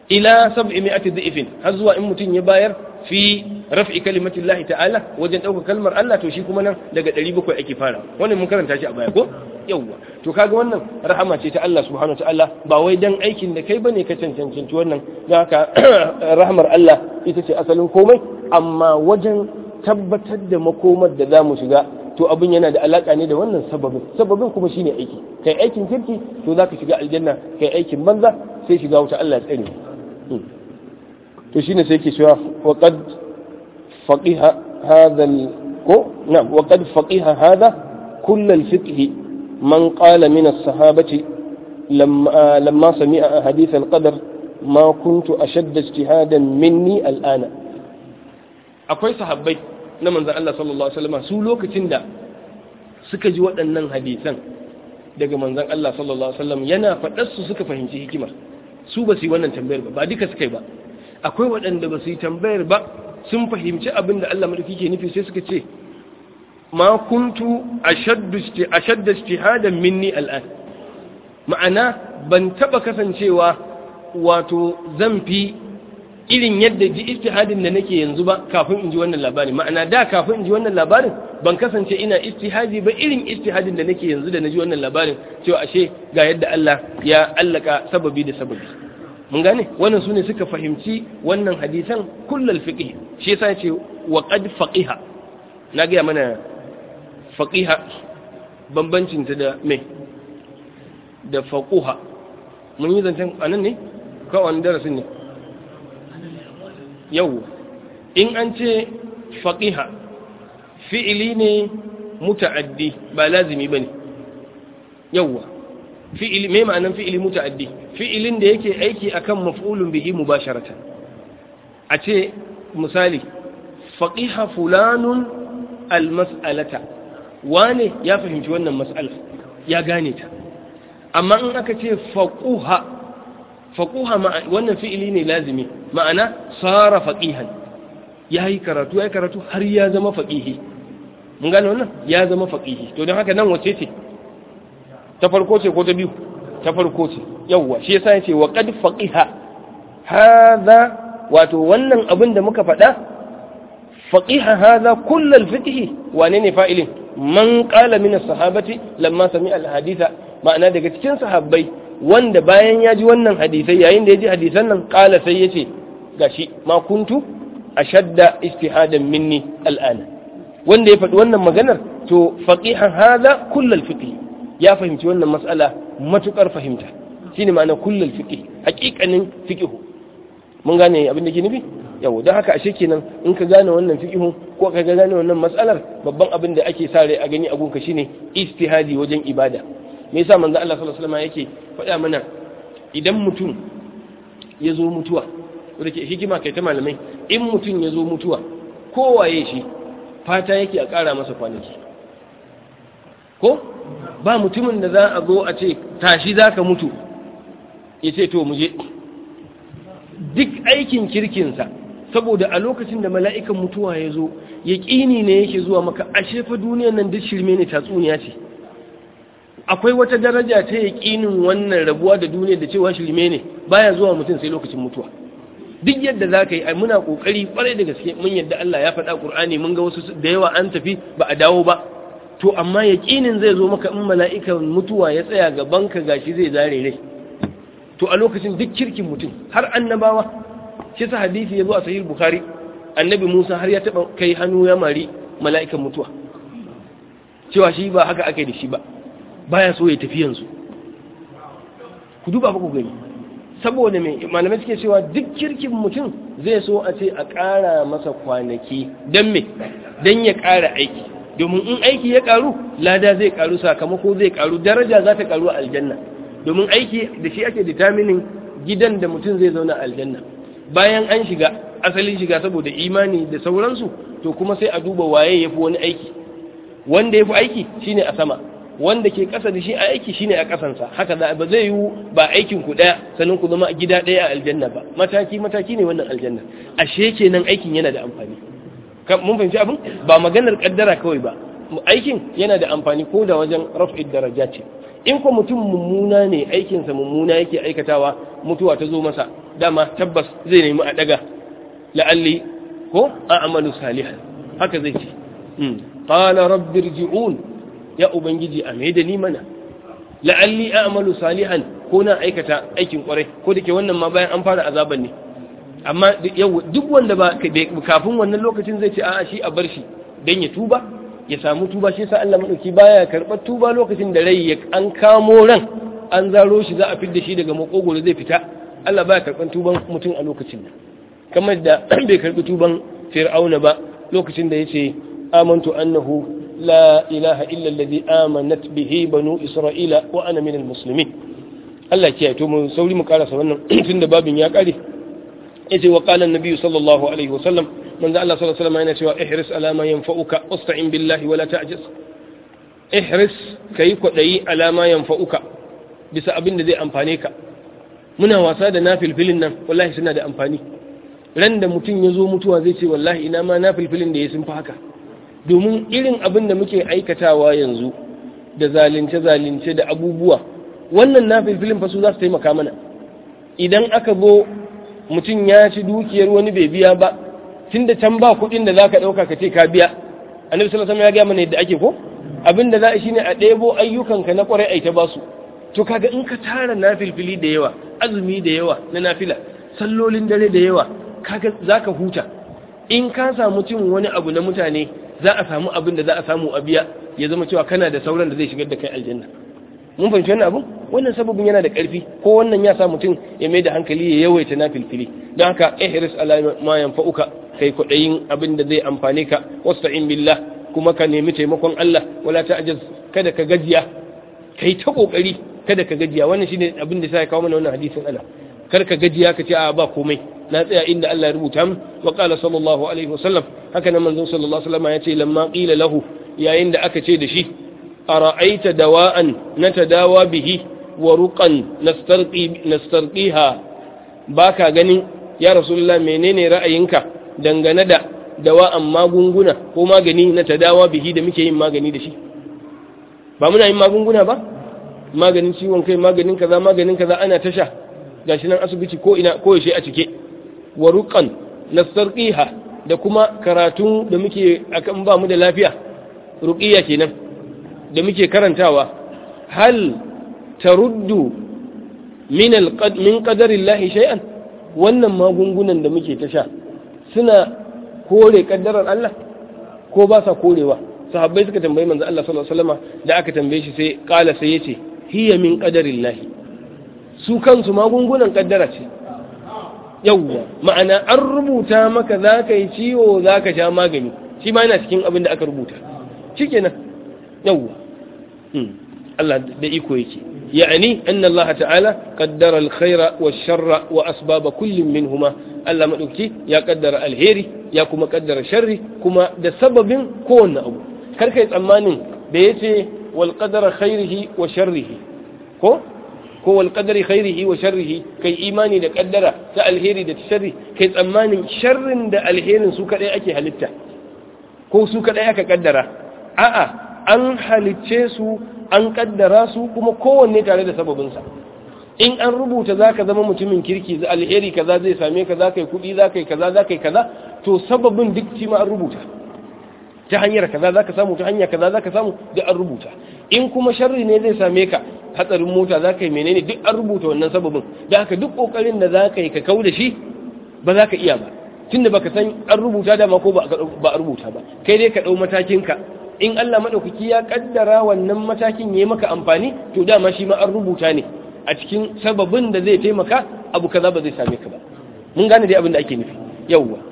ila sab'i dhifin har zuwa in mutum ya bayar fi raf'i llahi ta'ala wajen ɗaukar kalmar Allah to shi kuma nan daga 700 ake fara wannan mun karanta shi a baya ko yawwa to kaga wannan rahama ce ta Allah subhanahu ta'ala ba wai dan aikin da kai bane ka cancanci wannan haka rahamar Allah ita ce asalin komai amma wajen tabbatar da makomar da zamu shiga to abin yana da alaka ne da wannan sababin sababin kuma shine aiki kai aikin kirki to zaka shiga aljanna kai aikin banza sai shiga wuta Allah ya tsare Mm. to shine sai yake cewa wa qad faqiha hadha ko na wa qad faqiha hadha kull al fiqh man qala min as sahabati lamma lamma sami'a hadith al qadar ma kuntu ashadd ijtihadan minni al ana akwai sahabbai na manzon Allah sallallahu alaihi wasallam su lokacin da suka ji waɗannan hadisan daga manzon Allah sallallahu alaihi wasallam yana faɗar su suka fahimci hikimar su ba su yi wannan tambayar ba ba duka suka yi ba akwai waɗanda ba su yi tambayar ba sun fahimci abin da Allah madauki ke nufi sai suka ce ma kuntu ashadda ijtihadan minni al'an ma'ana ban taba kasancewa wato zan fi irin yadda ji istihadin da nake yanzu ba kafin in ji wannan labarin ma'ana da kafin in ji wannan labarin ban kasance ina istihadi ba irin istihadin da nake yanzu da na ji wannan labarin cewa ashe ga yadda Allah ya allaka sababi da sababi mun gane wannan sune suka fahimci wannan hadisan kullal fiqh shi yasa yace wa qad faqiha na ga mana faqiha bambancin ta da me da faquha mun yi zancen anan ne kawai darasin ne Yawwa in an ce faƙiha fi'ili ne muta'addi ba lazimi ba ne. yawwa fi'ili mai ma'anan fi'ili muta'addi fi'ilin da yake aiki akan maf'ulun bihi mu a ce misali faƙiha fulanun almas'alata wane ya fahimci wannan mas'ala ya gane ta amma in aka ce faƙuha. Faƙuha wannan fi'ili ne lazimi ma'ana tsara faƙihan. Ya yi karatu yayi karatu har ya zama faqihi mun gane wannan ya zama faqihi to don haka nan wace ce ta farko ce ko ta biyu ta farko ce yawwa shi ya yace wa qad faqiha hadha wato wannan abin da muka faɗa faqiha hadha kull al-fiqh wane ne fa'ilin man ƙala min sahabati lamma sami al-haditha ma'ana daga cikin sahabbai wanda bayan ya ji wannan hadisai yayin da ya ji hadisan nan kala sai ya ce ga shi makuntu a shadda istihadan minni al'ana wanda ya faɗi wannan maganar to faqihan haza kullal fiƙi ya fahimci wannan matsala matuƙar fahimta Shi ne ma'ana kullal fiƙi, haƙiƙanin fiƙihu. mun gane abin da ke nufi yau don haka ashe kenan in ka gane wannan fiƙihu ko ka gane wannan matsalar babban abin da ake sa rai a gani a gunka shine istihadi wajen ibada me yasa manzo Allah sallallahu alaihi wasallam yake faɗa mana idan mutum ya zo mutuwa wanda hikima kai ta malamai in mutum ya zo mutuwa kowaye shi fata yake a ƙara masa kwanaki ko ba mutumin da za a zo a ce tashi zaka mutu yace to muje duk aikin kirkinsa saboda a lokacin da mala'ikan mutuwa ya zo ya ne yake zuwa maka ashe fa nan duk shirme ne tatsuniya ce akwai wata daraja ta yaƙinin wannan rabuwa da duniya da cewa shirme ne baya zuwa mutum sai lokacin mutuwa duk yadda za ka yi muna ƙoƙari ƙwarai da gaske mun yadda Allah ya faɗa ƙur'ani mun ga wasu da yawa an tafi ba a dawo ba to amma yaƙinin zai zo maka in mala'ikan mutuwa ya tsaya gaban ka gashi zai zare rai to a lokacin duk kirkin mutum har annabawa shi sa hadisi ya zo a sahih bukhari annabi musa har ya taɓa kai hannu ya mari mala'ikan mutuwa cewa shi ba haka aka ake da shi ba baya so ya tafi yanzu ku duba ba ku gani saboda mai malamai suke cewa duk kirkin mutum zai so a ce a ƙara masa kwanaki don me don ya ƙara aiki domin in aiki ya ƙaru lada zai ƙaru sakamako zai ƙaru daraja za ta ƙaru a aljanna domin aiki da shi ake taminin gidan da mutum zai zauna aljanna bayan an shiga asalin shiga saboda imani da sauransu to kuma sai a duba waye ya fi wani aiki wanda ya fi aiki shine a sama wanda ke kasa da shi a aiki shine a ƙasansa haka za ba zai yiwu ba aikin ku ɗaya sannan ku zama a gida ɗaya a aljanna ba mataki mataki ne wannan aljanna ashe kenan aikin yana da amfani mun fahimci abin ba maganar kaddara kawai ba aikin yana da amfani ko da wajen raf'id daraja ce in ko mutum mummuna ne aikinsa mummuna yake aikatawa mutuwa ta zo masa dama tabbas zai nemi a daga la'alli ko a'malu salihan haka zai ce hmm. qala rabbirji'un ya ubangiji a mai da ni mana la'alli a'malu salihan ko na aikata aikin kwarai ko da ke wannan ma bayan an fara azaban ne amma duk wanda ba kafin wannan lokacin zai ce a'a shi a bar shi don ya tuba ya samu tuba shi yasa Allah madauki baya karbar tuba lokacin da rai an kamo ran an zaro shi za a fidda shi daga makogoro zai fita Allah baya karban tuban mutum a lokacin nan kamar da bai karbi tuban fir'auna ba lokacin da ya yace amantu annahu لا إله إلا الذي آمنت به بنو إسرائيل وأنا من المسلمين Allah ya to mun sauri mu karasa wannan tunda babin ya kare yace wa qala an-nabi sallallahu alaihi wasallam manzo Allah sallallahu alaihi wasallam yana cewa ihris ala ma yanfa'uka wasta'in billahi wala ta'jaz ihris kai kwadayi ala ma yanfa'uka bisa zai amfane ka muna wasa da filin nan wallahi suna da amfani ran da mutum ya zo mutuwa zai ce wallahi ina ma filin da ya sun fi haka domin irin abin da muke aikatawa yanzu da zalince-zalince da abubuwa wannan na filfilin fasu za su taimaka mana idan aka zo mutum ya ci dukiyar wani bai biya ba tun da can ba kuɗin da za ka ɗauka ka ce ka biya annabi sallallahu alaihi ya gaya mana yadda ake ko abin da za a shine a ɗebo ayyukanka na ƙwarai aita ba su to kaga in ka tara nafilfili da yawa azumi da yawa na nafila sallolin dare da yawa kaga zaka huta in ka samu cin wani abu na mutane za a samu abin da za a samu a biya ya zama cewa kana da sauran da zai shigar da kai aljanna mun fahimci wannan abu? wannan sababin yana da karfi ko wannan ya sa mutum ya mai da hankali ya yawaita na filfili don haka ihris ala ma yanfa'uka kai kudayin abin da zai amfane ka wasta'in billah kuma ka nemi taimakon Allah wala ta'jaz kada ka gajiya kai ta kokari kada ka gajiya wannan shine abin da sai kawo mana wannan hadisin Allah kar ka gajiya ka ce a ba komai na tsaya inda Allah ya rubuta mu wa qala sallallahu alaihi wasallam haka nan manzon sallallahu alaihi wasallam ya ce lamma qila lahu yayin da aka ce da shi ara'aita dawa'an natadawa bihi wa ruqan nastarqi nastarqiha baka ganin ya rasulullah menene ra'ayinka dangane da dawa'an magunguna ko magani na tadawa bihi da muke yin magani da shi ba muna yin magunguna ba maganin ciwon kai maganin kaza maganin kaza ana tasha gashi nan asibiti ko ina ko yaushe a cike wa na nasarqiha da kuma karatun da muke akan ba mu da lafiya ruqiya kenan da muke karantawa hal taruddu min alqad min qadarillahi shay'an wannan magungunan da muke ta sha suna kore kaddarar Allah ko ba sa korewa sahabbai suka tambayi manzo Allah sallallahu alaihi wasallama da aka tambaye shi sai kala sai yace hiya min qadarillahi su kansu magungunan kaddara ce yawwa ma'ana an rubuta maka za ka yi ciwo za ka sha magani shi ma yana cikin abin da aka rubuta shi kenan yawwa hmm. Allah da iko yake ya'ani anna Allah ta'ala qaddara al wa sharra wa asbaba kullin minhuma Allah madauki ya ƙaddara alheri ya kuma qaddara sharri kuma da sababin kowanne abu kar yi tsammanin da yace wal qadara khairihi wa sharrihi ko ko wal qadari khairihi wa sharrihi kai imani da kaddara ta alheri da sharri kai tsammanin sharrin da alherin su kadai ake halitta ko su kadai aka kaddara a'a an halicce su an kaddara su kuma kowanne tare da sababinsa in an rubuta za ka zama mutumin kirki za alheri kaza zai same ka za yi kuɗi za yi kaza za yi kaza to sababin duk ma an rubuta ta hanyar kaza za ka samu ta hanyar kaza za ka samu da an rubuta in kuma sharri ne zai same ka hatsarin mota za ka yi menene duk an rubuta wannan sababin da haka duk kokarin da za ka yi ka kau da shi ba za ka iya ba tunda ka san an rubuta dama ko ba a rubuta ba kai dai ka ɗau matakin ka in Allah maɗaukaki ya kaddara wannan matakin ya yi maka amfani to dama shi ma an rubuta ne a cikin sababin da zai taimaka abu kaza ba zai same ka ba mun gane dai abin da ake nufi yawwa